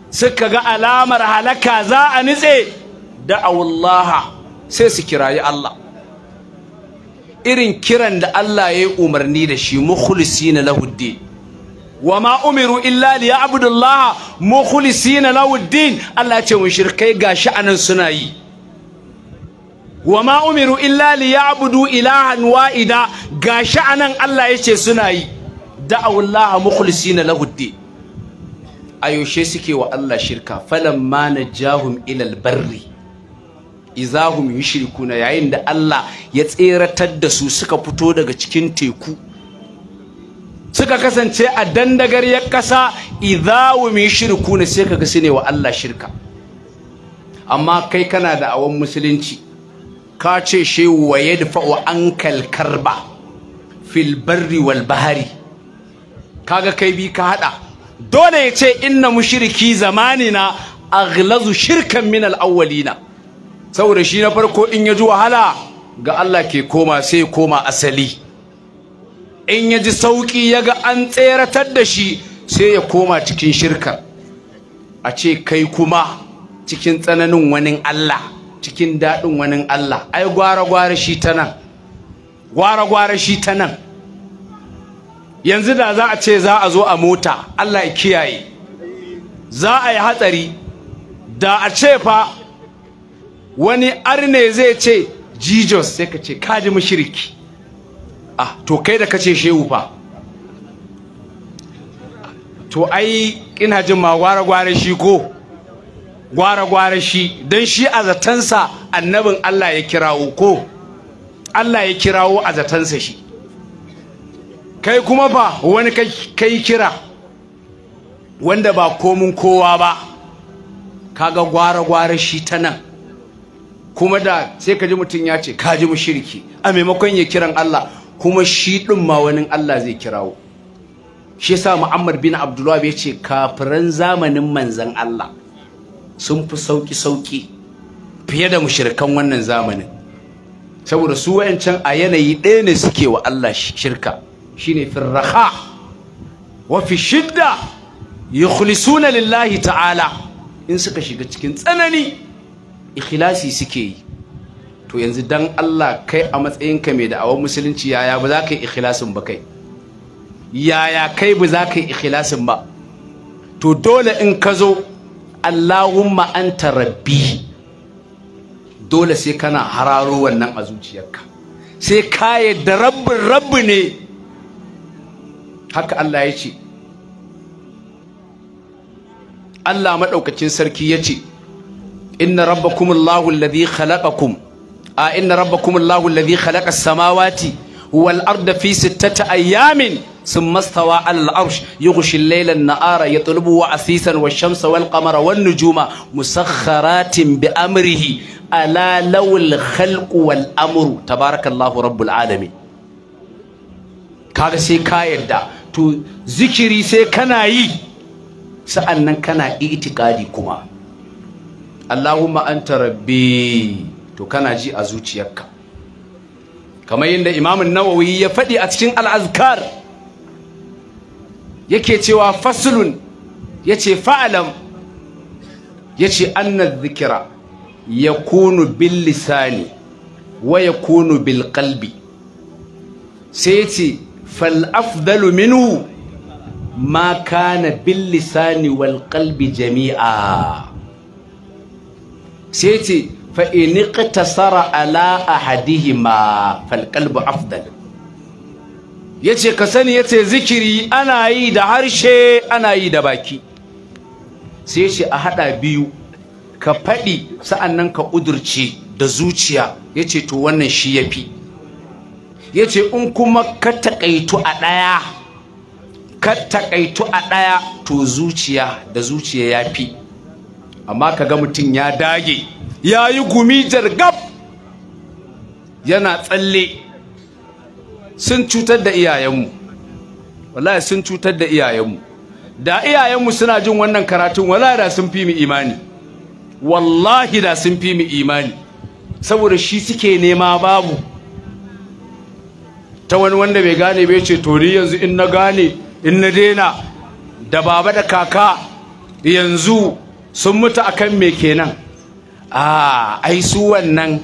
suka ga alamar halaka za a nitse awullaha sai su kirayi Allah irin kiran da Allah ya yi umarni da shi na lahuddin wa ma umiru illa li ya'budullaha mukhlisina Allah ya ce mushrikai gashi anan suna yi wa ma umiru illa li ya'budu ilahan wa'ida gashi anan Allah ya ce suna yi da'awullaha mukhlisina lahu din ayoshe suke wa Allah shirka falamma najahum ila albarri izahum yushrikuna yayin da Allah ya tseratar da su suka fito daga cikin teku suka kasance a ya ƙasa idhawu min shirku ne sai kaga sune wa Allah shirka amma kai kana da awon musulunci ka ce Shehu wa yadfa'u ankal karba fil barri wal bahari kaga kai bi ka hada dole ya ce inna mushriki zamanina aghlazu shirkan min al awwalina saboda shi na farko in ya ji wahala ga Allah ke koma sai koma asali in ya ji sauƙi ya ga an tseratar da shi sai ya koma cikin shirka a ce kai kuma cikin tsananin wani Allah cikin daɗin wani Allah ai gwara-gwara shi ta nan gwara-gwara shi ta nan yanzu da za a ce za a zo a mota Allah ya kiyaye za a yi hatsari da a ce fa wani arne zai ce jesus sai ka ce kaji mashiriki ah to kai da kace shehu fa to ai ina jin ma gware-gware shi ko gware-gware shi don shi a zatansa annabin Allah ya kirawo ko Allah ya kirawo a zatansa shi kai kuma ba wani kai kira wanda ba komin kowa ba kaga gware-gware shi ta nan kuma da sai ka ji mutum ya ce ka ji shirki a maimakon ya kiran Allah kuma shi ɗin ma wani Allah zai kirawo shi yasa Muhammad bin Abdullah ya ce kafiran zamanin manzan Allah sun fi sauki sauki fiye da mushrikan wannan zamanin saboda su wayancan a yanayi ɗaya ne suke wa Allah shirka shine firraha wa fi shidda yukhlisuna lillahi ta'ala in suka shiga cikin tsanani ikhlasi suke yi to yanzu dan Allah kai a matsayinka mai da'awar musulunci yaya ba za ka yi ikhlasin ba kai yaya kai ba za ka yi ikhlasin ba to dole in ka zo Allahumma anta rabbi dole sai kana hararo wannan a zuciyarka sai ka da rabbin rabbi ne haka Allah ya ce Allah maɗaukacin sarki ya ce inna rabbakumullahu alladhi khalaqakum a inna rabbakum Allahu alladhi khalaqa as-samawati wal arda ثم استوى على العرش يغشي الليل النهار يطلبه عسيسا والشمس والقمر والنجوم مسخرات بأمره ألا لو الخلق والأمر تبارك الله رب العالمين kaga sai ka yarda to zikiri sai kana yi sa'annan kana itikadi kuma Allahumma anta rabbi to kana ji a zuciyarka kamar yadda imamun nawawi ya faɗi a cikin al'azkar yake cewa fasulun ya ce fa'alam ya ce annar zikira ya kunu bil lisani wa ya kunu bil kalbi sai ya ce fal'afdalu minu ma kana bil lisani wal kalbi jami'a sai ya ce fa kata iqtasara ala ahadihima fal qalbu afdal yace ka sani yace zikiri ana yi da harshe ana yi da baki sai yace a haɗa biyu ka faɗi sa'annan ka ƙudurce da zuciya yace to wannan shi ya yafi yace in kuma ka takaitu a ɗaya ka taƙaitu a ɗaya to zuciya da zuciya ya fi. amma kaga mutum ya dage ya yi gumi jargab yana tsalle sun cutar da iyayenmu wallahi sun cutar da iyayenmu da iyayenmu suna jin wannan karatun wallahi da sun fi mu imani wallahi da sun fi mu imani saboda shi suke nema babu ta wani wanda bai gane bai ce tori, yanzu in na gane in na daina da baba da kaka yanzu sun mutu akan me kenan a ai su wannan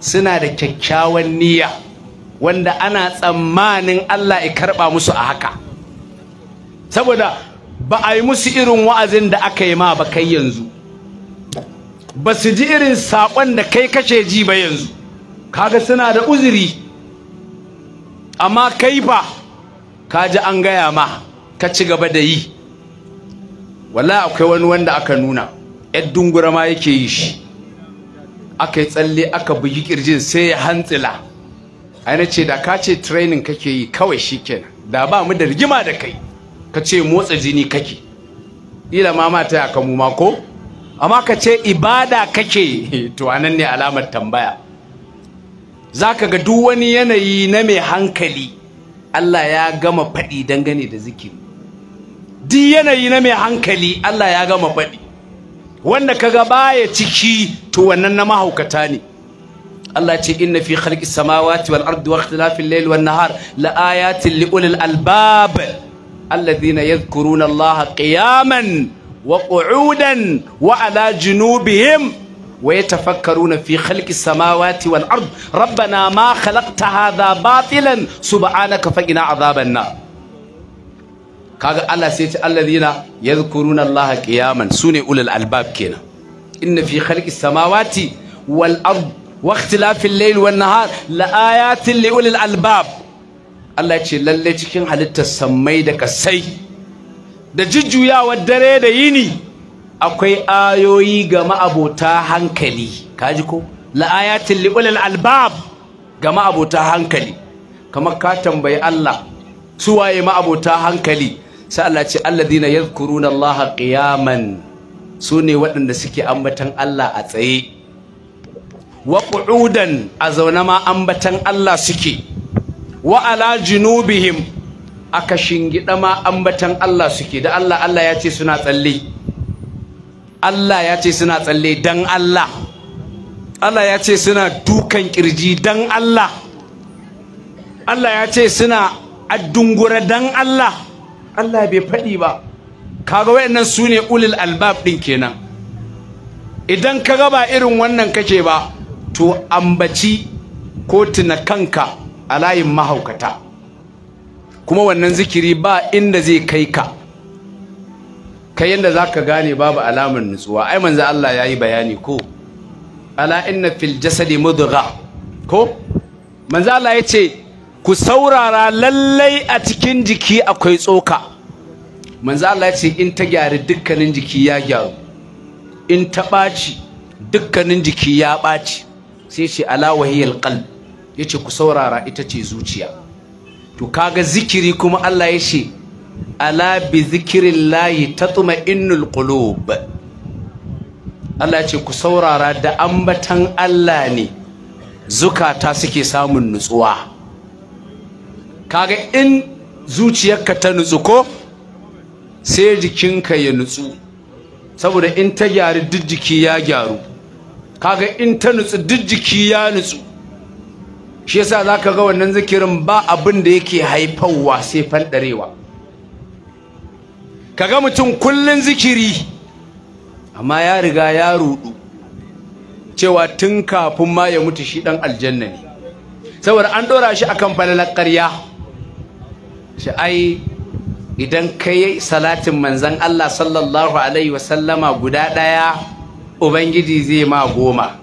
suna da kyakkyawan niyya wanda ana tsammanin Allah ya karɓa musu a haka saboda ba a yi musu irin wa'azin da aka yi ma ba kai yanzu ba su ji irin saƙon da kai kashe ji ba yanzu kaga suna da uzuri amma kai fa ka ji an gaya ma ka ci gaba da yi wallahi akwai wani wanda aka nuna yar dungura ma yake yi shi aka yi tsalle aka bugi kirjin sai ya hantsila aina ce da ka ce training kake yi kawai kenan da ba mu da rigima da kai ka ce motsa jini kake ila ma mata ya kamu ma ko amma ka ce ibada kake to anan ne alamar tambaya zaka ga duk wani yanayi na mai hankali Allah ya gama faɗi dangane da zikiri duk yanayi na mai hankali Allah ya gama faɗi wanda ka kaga baya ciki to wannan na mahaukata ne Allah ce inna fi khalqis samawati wal ardi wa ikhtilafil layli wan nahar la ayatin li ulil albab alladhina yadhkuruna Allah qiyaman wa qu'udan wa ala junubihim wa yatafakkaruna fi khalqis samawati wal ardi rabbana ma khalaqta hadha batilan subhanaka faqina adhaban nar kaga Allah sai ce allazina yadhkuruna allaha qiyaman sune ulul albab kenan inna fi khalqis samawati wal ard wa ikhtilafil layli wan nahar la ayatin li ulil albab Allah ce lalle cikin halittar sammai da kasai da jujjuyawar dare da yini akwai ayoyi ga ma'abota hankali kaji ko la ayatin li ulil albab ga ma'abota hankali kamar ka tambayi Allah su waye ma'abota hankali sai Allah ce alladina yadhkuruna Allah qiyaman su ne waɗanda suke ambatan Allah a tsaye wa qu'udan a zaune ma ambatan Allah suke wa ala junubihim aka shingida ma ambatan Allah suke da Allah Allah ya ce suna tsalle Allah ya ce suna tsalle dan Allah Allah ya ce suna dukan kirji dan Allah Allah ya ce suna addungura dan Allah Allah bai faɗi ba kaga wayannan su ne ulil albab ɗin kenan idan ka ga ba irin wannan kake ba to ambaci ko tuna kanka a layin mahaukata kuma wannan zikiri ba inda zai kai ka kai yanda za ka gane babu alamar nutsuwa ai manzo Allah ya bayani ko ala inna fil jasadi mudgha ko manzo Allah ya ce ku saurara lallai a cikin jiki akwai tsoka manzo Allah ya ce in ta gyari dukkanin jiki ya gyaru in ta ɓaci dukkanin jiki ya ɓaci sai ce ala wahiyal qalb yace ku saurara ita ce zuciya to kaga zikiri kuma Allah ya ce ala bi zikrillahi tatma'innul qulub Allah ya ce ku saurara da ambatan Allah ne zukata suke samun nutsuwa kaga in zuciyarka ta nutsu ko sai jikinka ya nutsu saboda in ta gyaru duk jiki ya gyaru kaga in ta nutsu duk jiki ya nutsu shi yasa zaka ga wannan zikirin ba abin da yake haifarwa sai Ka kaga mutum kullun zikiri amma ya riga ya rudu cewa tun kafin ma ya mutu shi dan aljanna ne saboda an dora shi akan falalar ƙarya shi ai idan yi salatin manzan Allah sallallahu alaihi wasallama guda ɗaya ubangiji zai ma goma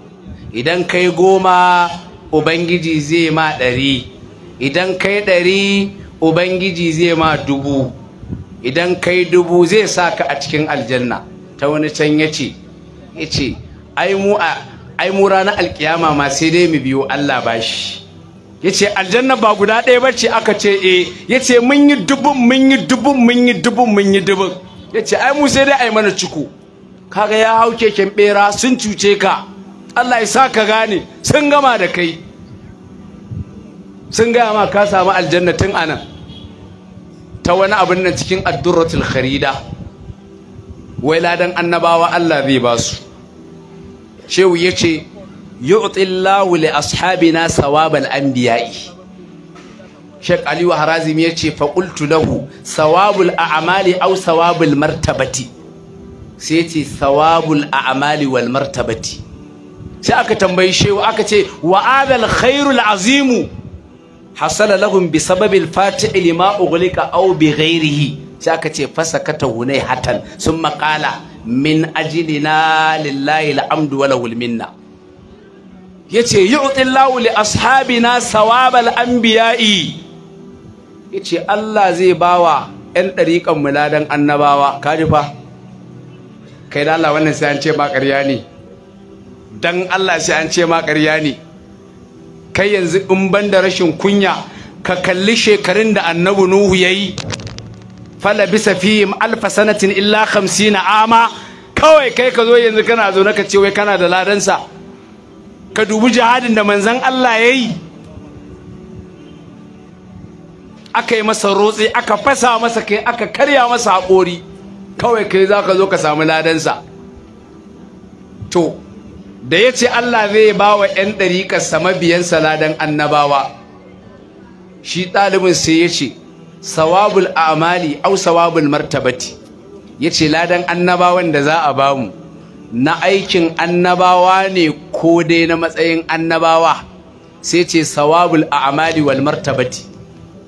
idan kai goma ubangiji zai ma ɗari idan kai ɗari ubangiji zai ma dubu idan kai dubu zai sa ka a cikin aljanna ta wani can ya ce ai mu ranar alkiyama ma sai dai mu biyo Allah bashi ya ce aljanna ba guda ɗaya ba ce aka ce e eh. ya ce mun yi dubun mun yi dubun mun yi dubun mun yi dubun ya ce ai mu sai dai ai mana ciko kaga ya hau keken bera sun cuce ka Allah ya sa ka gane sun gama da kai sun gaya ma ka samu aljanna tun anan ta wani abin nan cikin addurratul kharida wai ladan annabawa Allah zai basu su shehu ya yu'ti Allahu li ashabina sawabal anbiya'i Sheikh Aliyu Harazim ya ce faƙultu lahu sawabul li au sawabul martabati sai ce sawabul a'amali wal martabati sai aka tambayi shehu aka ce wa adal khairul azimu hasala lahum bi sababil fati'i lima ughliqa aw bi ghairihi sai aka ce fasakata hunai hatan sun maƙala min ajilina lillahi alhamdu wa lahul minna yace yu'tillahu li na sawabal anbiya'i yace Allah zai bawa 'yan ɗariƙan muladan annabawa Ka ji fa kai da Allah wannan sai an ce ma ƙarya ne dan Allah sai an ce ma ƙarya ne kai yanzu in ban da rashin kunya ka kalli shekarun da annabu Nuhu yayi fala bisa fihim alfa sanatin illa 50 ama kawai kai ka zo yanzu kana zo na ka ce wai kana da ladansa ka dubi jihadin da manzan Allah ya yi aka yi masa rotse aka fasa masa kai aka karya masa haƙori kawai kai za ka zo ka samu ladansa to da ya ce Allah zai ba wa 'yan sama mabiyansa ladan annabawa shi ɗalibin sai ya ce sawabul amali au sawabul martabati ya ce ladan annabawan da za a bamu na aikin annabawa ne ko dai na matsayin annabawa sai ce sawabul a'mali wal martabati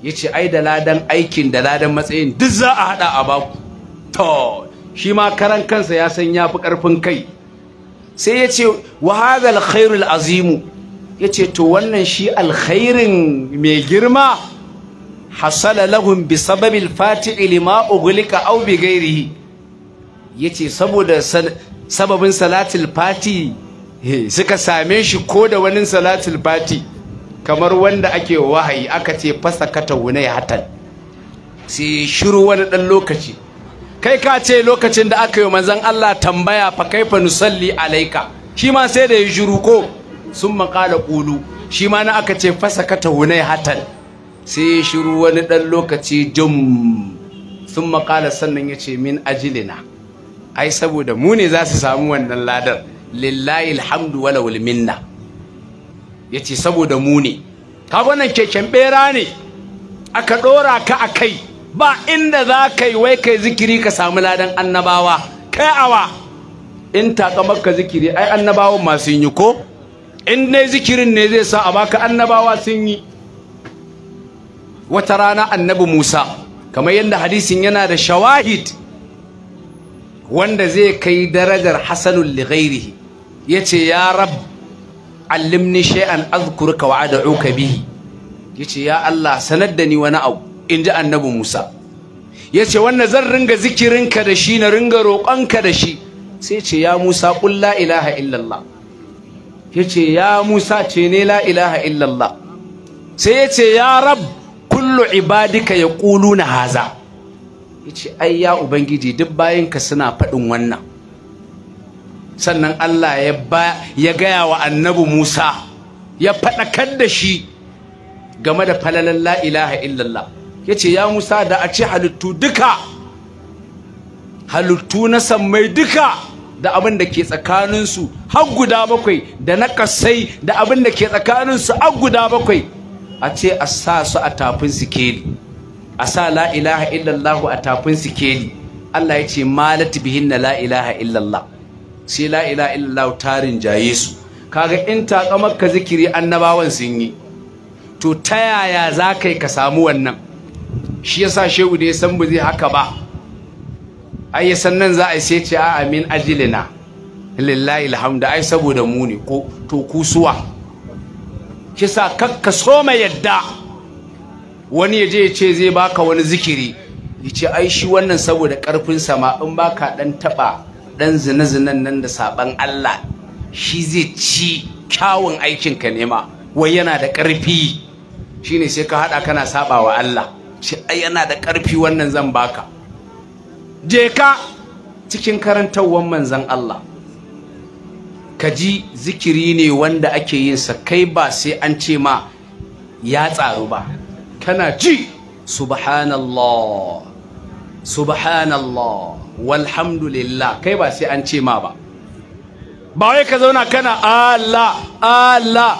yace ai da ladan aikin da ladan matsayin duk za a hada a baku to shi ma karan kansa ya san yafi karfin kai sai yace wa hadha khairul azimu yace to wannan shi alkhairin mai girma hasala lahum bi sababil fati'i lima ughliqa aw bi ghairihi yace saboda sababin salatul fati suka same shi ko da wani salatul fati kamar wanda ake wahayi aka ce fasa kata wune ya hatan sai shiru wani ɗan lokaci kai ka ce lokacin da aka yi manzan Allah tambaya fa kai fa nusalli alaika shi ma sai da ya shiru ko sun maƙala ƙulu shi ma na aka ce fasa kata wune ya hatan sai shiru wani ɗan lokaci jum sun maƙala sannan ya ce min ajilina ai saboda mu ne za su samu wannan ladar lillahi alhamdu wala minna ya ce saboda mu ne ka wannan keken bera ne aka ɗora ka a kai ba inda za ka yi wai kai zikiri ka samu ladan annabawa kai awa in taka maka zikiri ai annabawan ma sun yi ko in ne zikirin ne zai sa a baka annabawa sun yi wata rana annabi musa kamar yadda hadisin yana da shawahid wanda zai kai darajar hasanun lighairihi yace ya rab allimni shay'an azkuruka wa ad'uka bihi yace ya Allah sanar da ni wani abu inji annabi Musa yace wanda zan ringa zikirinka da shi na ringa roƙonka da shi sai ce ya Musa qul la ilaha illallah yace ya Musa ce ne la ilaha illallah sai yace ya rab kullu ibadika yaquluna haza yace ai ya ubangiji duk bayanka suna faɗin wannan sannan Allah ya gaya wa annabi Musa ya faɗakar da shi game da falalan la ilaha illallah yace ya Musa da a ce halittu duka halittu na sammai duka da abin da ke tsakaninsu har guda bakwai da na kasai da abin da ke tsakaninsu har guda bakwai a ce a sa su a tafin sikeli a sa la'ilaha ilaha illallah a tafin sikeli Allah ya ce malat bihinna la ilaha illallah sai la ilaha illallah tarin jaye su kaga in taƙa ka zikiri annabawan sun yi to ta yaya za ka ka samu wannan shi yasa shehu da ya san ba zai haka ba ai ya san nan za a sai ce a amin ajilina lillahi alhamdu ai saboda mu ne ko to kusuwa kisa kakka so mai yadda wani ya je ya ce zai baka wani zikiri ya ce ai shi wannan saboda karfin sama in baka dan taba dan zina-zinan nan da saban Allah shi zai ci kyawun aikin ka nema wai yana da karfi shine sai ka hada kana saba wa Allah ce ai yana da karfi wannan zan baka je ka cikin karantawan manzan Allah kaji zikiri ne wanda ake yin sa kai ba sai an ce ma ya tsaru ba kana ji subhanallah subhanallah walhamdulillah kai ba sai an ce ma ba ba wai ka zauna kana Allah Allah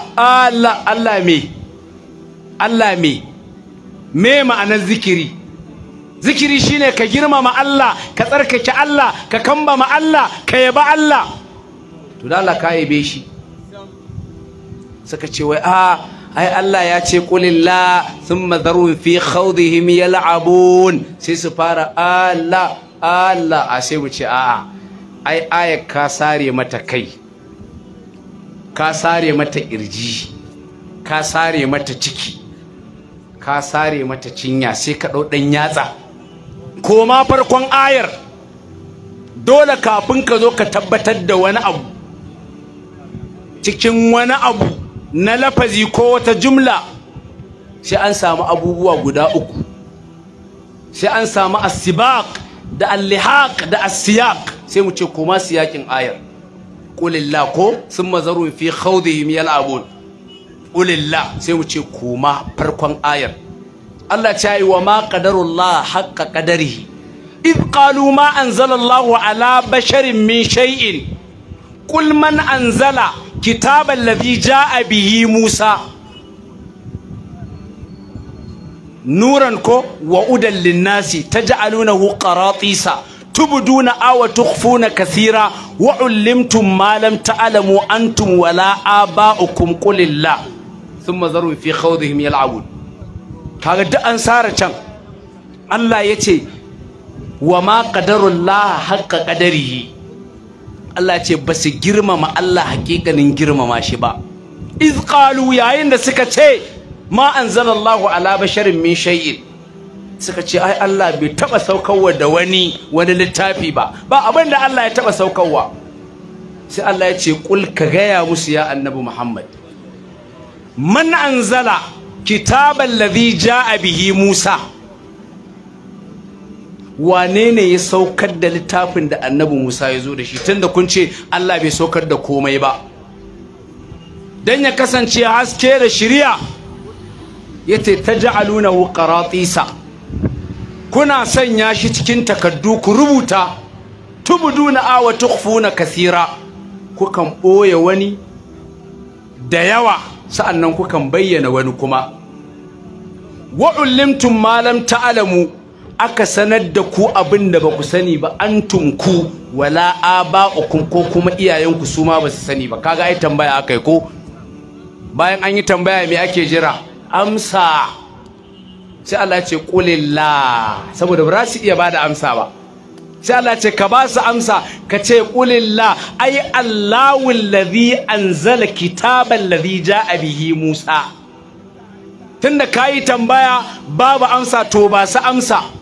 Allah Allah me Allah me me ma'anar zikiri zikiri shine ka girmama Allah ka tsarkake Allah ka kambama Allah ka yaba Allah to da Allah ka yabe shi Saka ce wai a ah, ai Allah ya ce kulillah sun mazarun fi khawdihim yal'abun sai su fara Allah Allah a sai wuce a'a ai aya ka sare mata kai ka sare mata irji ka sare mata ciki ka sare mata cinya sai ka ɗau ɗan yatsa koma farkon ayar dole kafin ka zo ka tabbatar da wani abu cikin wani abu na lafazi ko wata jumla sai an samu abubuwa guda uku sai an samu asibaq da allihaq da asiyaq sai mu ce koma siyakin ayar qulillah ko sun mazarun fi khawdihim abun. qulillah sai mu ce koma farkon ayar Allah ta yi wa ma qadarullah haqqa qadarihi idh qalu ma anzalallahu ala basharin min shay'in qul man anzala kitaban ladhi a bihi Musa nuran ko wa udan linnasi taj'alunahu qaratisa tubduna aw tukhfuna kathira wa ullimtum ma lam ta'lamu antum wala aba'ukum qulillah thumma zaru fi khawdihim yal'abun kaga duk an sara can Allah yace wa ma qadarullah haqqa qadarihi Allah ce ba su girmama Allah hakikanin girmama shi ba iz yayin da suka ce ma anzalallahu ala basharin min shay'in suka ce ai Allah bai taba saukarwa da wani wani littafi ba ba abin da Allah ya taba saukarwa sai Allah ya ce kul ka gaya musu ya annabi Muhammad man anzala kitaban ladhi jaa bihi Musa wane ne ya saukar da littafin da annabi Musa ya zo da shi tunda kun ce Allah bai saukar da komai ba Don ya kasance haske da shiriya yace aluna karatisa. kuna sanya shi cikin takardu ku rubuta Tubudu na awa tukfu na kasira. kukan ɓoye wani da yawa sa'annan kukan bayyana wani kuma wa malam ta'alamu ta'alamu. aka sanar da ku abin da ba ku sani ba an tunku wala ba ko kuma iyayenku su ma ba su sani ba kaga ai tambaya aka yi ko bayan an yi tambaya me ake jira amsa sai Allah ce kulilla saboda ba za su iya bada amsa ba sai Allah ce ka ba su amsa ka ce kulilla ai Allahu allazi anzala kitaban allazi ja'a bihi Musa tunda kayi tambaya babu amsa to ba su amsa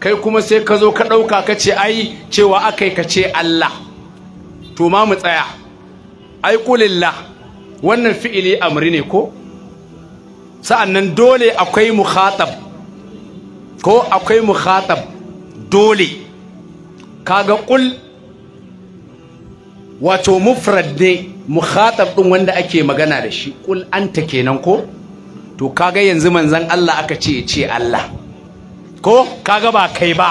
kai kuma sai ka zo ka ɗauka ka ce ai cewa akai ka ce Allah to ma mu tsaya ai kulillah wannan fi'ili amri ne ko sa'annan dole akwai mukhatab ko akwai mukhatab dole kaga kul wato mufrad ne mukhatab ɗin wanda ake magana da shi kul anta kenan ko to kaga yanzu manzon Allah aka ce ce Allah ko kaga ba kai ba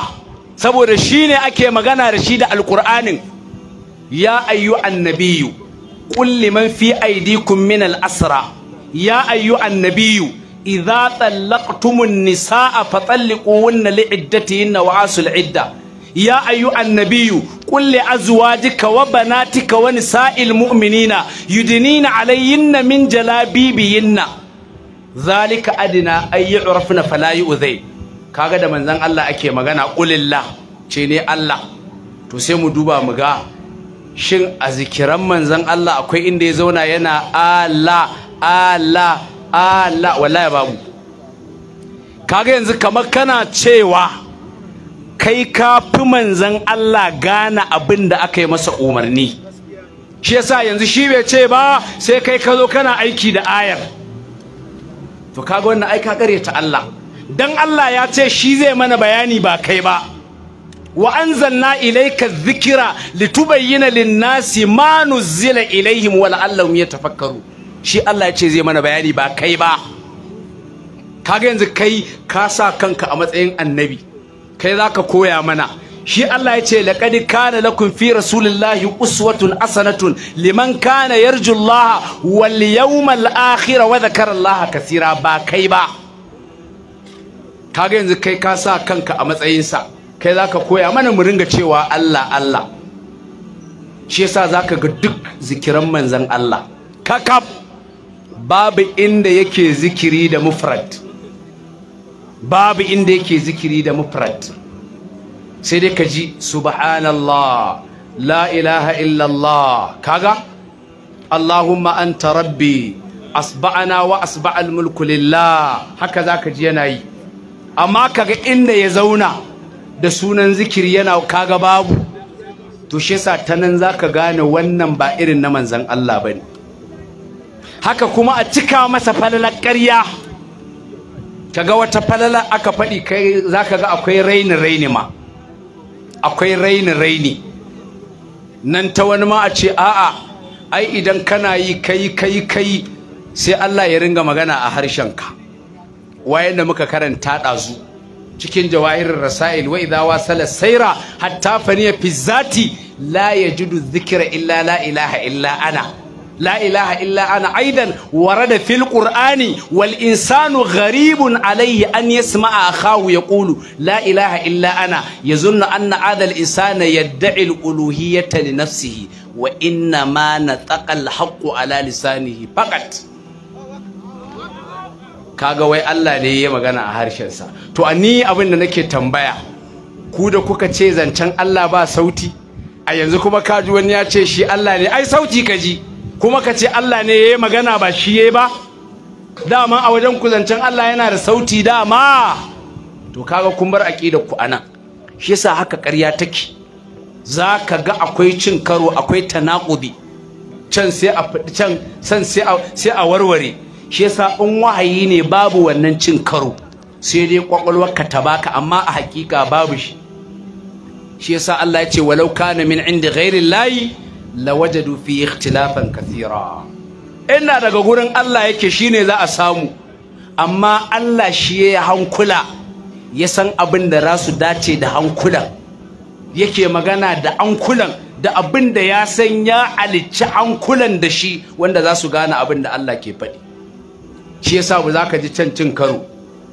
saboda shi ne ake magana da shi da alkur'anin ya ayyu annabiyu kulli man fi aidikum min al'asra ya ayyu annabiyu idza tallaqtumun nisaa fa talliquhunna li iddatihinna wa asul idda ya ayyu annabiyu qul li azwajika wa banatika wa nisa'il mu'minina Yudinina alayhinna min jalabibihinna dhalika adna ay yu'rafna fala yu'dhayn kaga da manzan Allah ake magana ƙulilla ce ne Allah to sai mu duba mu ga shin a zikiran manzan Allah akwai inda ya zauna yana Allah Allah Allah wallahi babu kaga yanzu kamar kana cewa kai ka fi manzan Allah gane abin da aka yi masa umarni shi yasa yanzu shi bai ce ba sai kai ka zo kana aiki da ayar to kaga wannan ai ka ta Allah dan Allah ya ce shi zai mana bayani ba kai ba wa anzalna ilayka dhikra litubayyana lin-nasi ma nuzila ilayhim wa la'allahum yatafakkaru shi Allah ya ce zai mana bayani ba kai ba kaga yanzu kai ka sa kanka a matsayin annabi kai zaka koya mana shi Allah ya ce laqad kana lakum fi rasulillahi uswatun hasanatun liman kana yarjullaha wal yawmal akhir wa dhakara allaha kaseera ba kai ba kaga yanzu kai ka sa kanka a matsayinsa kai za ka koya mana mu ringa cewa Allah Allah shi yasa za ka ga duk zikiran manzan Allah kakaf babu inda yake zikiri da mufrad babu inda yake zikiri da mufrad sai dai ka ji subhanallah la ilaha illallah kaga allahumma anta rabbi asba'ana wa asba'al mulku lillah haka za ka ji yana yi amma kaga inda ya zauna da sunan zikiri yana kaga babu to shi yasa ta nan zaka gane wannan ba irin na manzon Allah bane haka kuma a cika masa falalar ƙarya kaga wata falala aka faɗi kai zaka ga akwai raini raini ma akwai raini raini nan ta wani ma a ce a'a ai idan kana yi kai kai kai sai Allah ya ringa magana a harshen ka wayan da muka karanta ɗazu cikin jawahirin rasail wa idha wasala saira hatta faniya fi zati la yajidu dhikra illa la ilaha illa ana la ilaha illa ana aidan warada fil qur'ani wal insanu gharibun alayhi an yasma'a akhahu yaqulu la ilaha illa ana yazunnu anna hadha al insana yad'i al uluhiyyata li nafsihi wa inna ma nataqa al haqqu ala lisanihi faqat kaga wai Allah ne ya magana a harshensa to a ni abin da nake tambaya ku da kuka ce zancen Allah ba sauti a yanzu kuma kaji wani ya ce shi Allah ne ai sauti ka ji kuma ka ce Allah ne ya magana ba shi ya ba dama a wajen ku zancen Allah yana da sauti dama to kaga kun bar aqidar ku anan shi yasa haka ƙarya take za ka ga akwai cin karo akwai tanaƙudi can sai a can sai a warware shi yasa in wahayi ne babu wannan cin karo sai dai kwakwalwarka ta baka amma a hakika babu shi shi yasa Allah ya ce walau kana min inda ghairin layi lawajadu fi ikhtilafan kathira ina daga gurin Allah yake shine za a samu amma Allah shi ya hankula ya san abin da za su dace da hankulan yake magana da ankulan da abin da ya san ya halicci ankulan da shi wanda za su gane abin da Allah ke faɗi shi yasa ba za ka ji can cin karo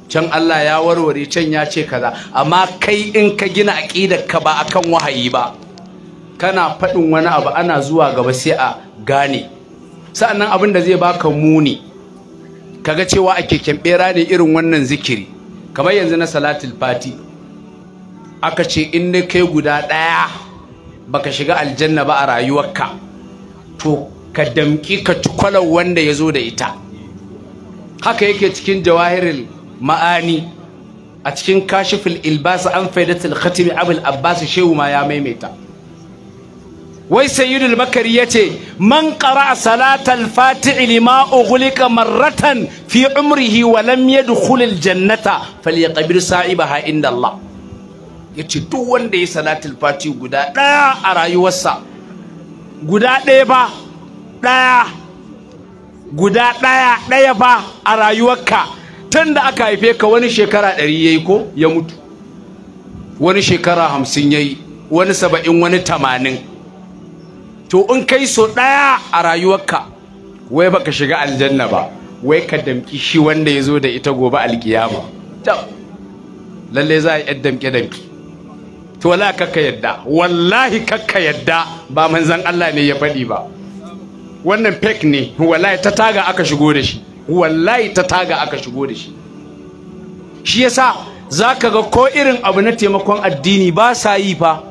can Allah ya warware can ya ce kaza amma kai in ka gina aqidar ka ba akan wahayi ba kana faɗin wani abu ana zuwa gaba sai a gane sa'annan abin da zai baka muni kaga cewa ake kyambera ne irin wannan zikiri kamar yanzu na salatul fati aka ce in ne kai guda ɗaya baka shiga aljanna ba a rayuwarka to ka damƙi ka tukwalar wanda ya zo da ita haka yake cikin jawahiril ma'ani a cikin kashiful Ilbasa an faidata khatimi abul abbas shehu ma ya maimaita wai sayyidul bakari yace man qara'a salatal fati'i lima ughliqa marratan fi umrihi wa lam yadkhul al jannata falyaqbir sa'ibaha inda Allah yace duk wanda ya salatul Fati guda daya a rayuwarsa guda daya ba daya guda ɗaya ɗaya ba a rayuwarka tun da aka haife ka wani shekara ɗari ya yi ko ya mutu wani shekara hamsin ya yi wani saba'in wani tamanin to in kai so ɗaya a rayuwarka wai baka shiga aljanna ba wai ka damƙi shi wanda ya zo da ita gobe alkiyama lallai za a yi damƙe damki to wala kakka yadda wallahi kakka yadda ba manzan Allah ne ya faɗi ba wannan fake ne wallahi ta taga aka shigo da shi wallahi ta taga aka shigo da shi shi yasa zaka ga ko irin abu na taimakon addini ba sa yi fa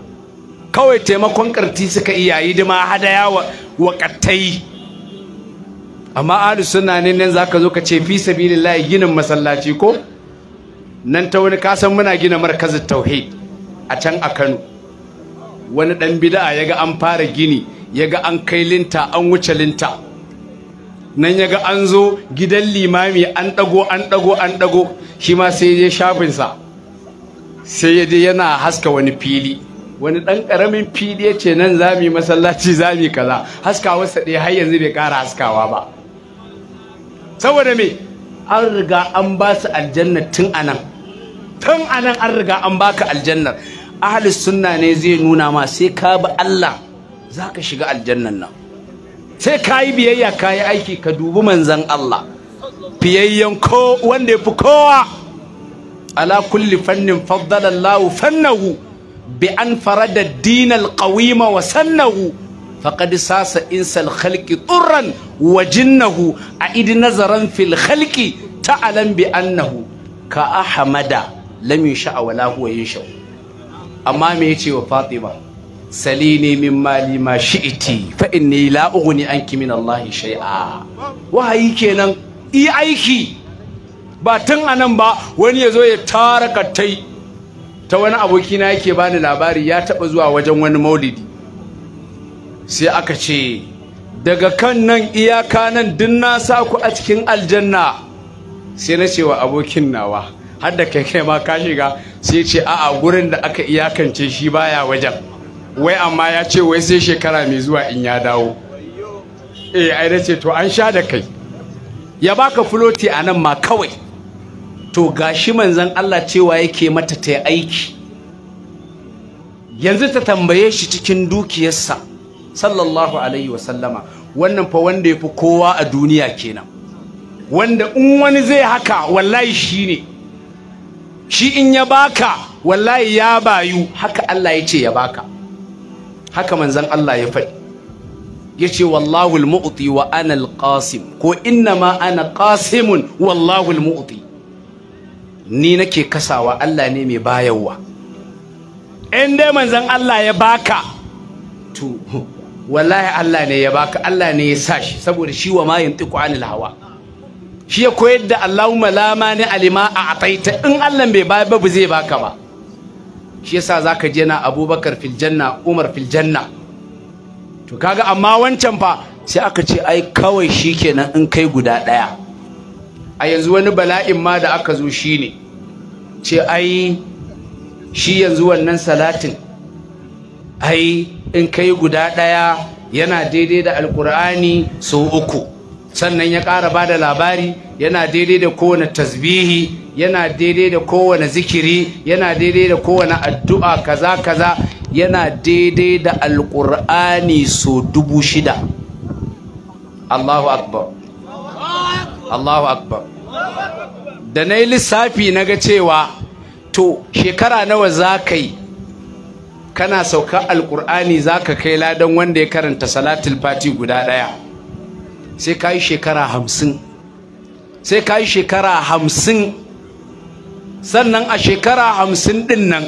kawai taimakon karti suka iya yi da ma hadaya wa, wa amma ahlus sunna ne nan zaka zo ka ce fi sabilillahi ginin masallaci ko nan ta wani kasan muna gina markazin tauhid a can a Kano wani dan bid'a ya ga an fara gini ya ga an kai linta an wuce linta nan ya ga an zo gidan limami an ɗago an ɗago an ɗago shi ma sai ya shafinsa sai ya je yana haska wani fili wani ɗan ƙaramin fili ya ce nan zami masallaci zami kaza wasa ɗaya har yanzu bai ƙara haskawa ba saboda me an riga an ba su aljanna tun anan tun anan an riga an baka aljannar ahalis sunna ne zai nuna ma sai ka bi Allah za ka shiga aljannan nan sai ka yi biyayya ka yi aiki ka dubi manzan Allah fiyayyen ko wanda ya fi kowa ala kulli fannin faddala Allahu fannahu bi an farada dinal qawima wa sannahu faqad sasa insal khalqi turran wa jinnahu a id nazaran fil khalqi ta'alam bi annahu ka ahmada lam yasha wa la huwa yasha amma me yace wa fatima salini min mali ma shi'iti fa inni la ughni anki min Allah shay'a wahayi kenan i aiki ba tun anan ba wani yazo ya tara kattai ta wani aboki na yake bani labari ya taba zuwa wajen wani maulidi sai aka ce daga kan nan iyaka nan din na sa ku a cikin aljanna sai na ce abokin nawa har da kai kai ma ka shiga sai ce a'a gurin da aka iyakance shi baya wajen wai amma ya ce wai sai shekara mai zuwa in ya dawo eh ai da ce to an sha da kai ya baka fuloti a nan ma kawai to gashi manzan Allah cewa yake mata ta aiki yanzu ta tambaye shi cikin dukiyarsa sallallahu alaihi wasallama wannan fa wanda ya fi kowa a duniya kenan wanda in wani zai haka wallahi shi ne shi in ya baka wallahi ya bayu haka Allah ya ce ya baka haka manzan Allah ya faɗi yace wallahu al-mu'ti wa ana al-qasim ko inna ma ana qasimun wallahu al ni nake kasawa Allah ne mai bayarwa in dai manzan Allah ya baka to wallahi Allah ne ya baka Allah ne ya sa shi saboda shi wa ma yantiqu anil hawa shi ya koyar da Allahumma la mani alima a ataita in Allah bai bayar ba zai baka ba shi yasa zaka je na abubakar filjanna, umar filjanna. to kaga amma wancan fa sai aka ce ai kawai shi kenan in kai guda ɗaya. a yanzu wani bala'in ma da aka zo shi ne. ce ai shi yanzu wannan salatin ai in kai guda ɗaya yana daidai da alkur'ani sau uku sannan ya ƙara ba da labari yana daidai da kowane tasbihi yana daidai da kowane zikiri yana daidai da kowane addu'a kaza kaza yana daidai da alƙur'ani so dubu shida Allahu akbar Allahu akbar da na yi lissafi na ga cewa to shekara nawa za ka yi kana sauka alƙur'ani za ka kai ladan wanda ya karanta salatul fati guda ɗaya sai ka yi shekara hamsin sai ka yi shekara hamsin sannan a shekara hamsin din nan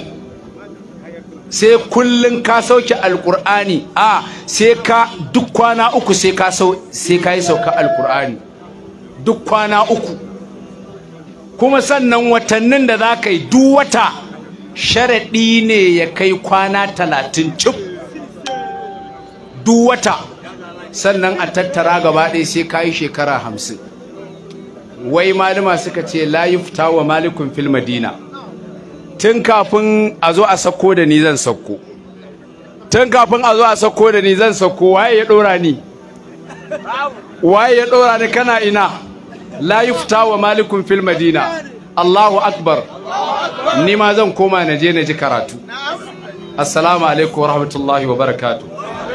sai kullum ka sauke alkur'ani a sai ka duk kwana uku sai ka yi sauka alƙur'ani duk kwana uku kuma sannan watannin da za ka yi duwata wata sharaɗi ne ya kai kwana talatin cip duwata. sannan a tattara gaba ɗaya sai ka yi shekara hamsin wai malama suka ce layi fita wa malikun fil madina tun kafin a zo a sako da ni zan sako tun kafin a zo a sako da ni zan sako waye ya ɗora ni waye ya ɗora ni kana ina layi fita wa malikun fil madina allahu akbar ni ma zan koma na je na ji karatu assalamu alaikum wa rahmatullahi wa barakatuh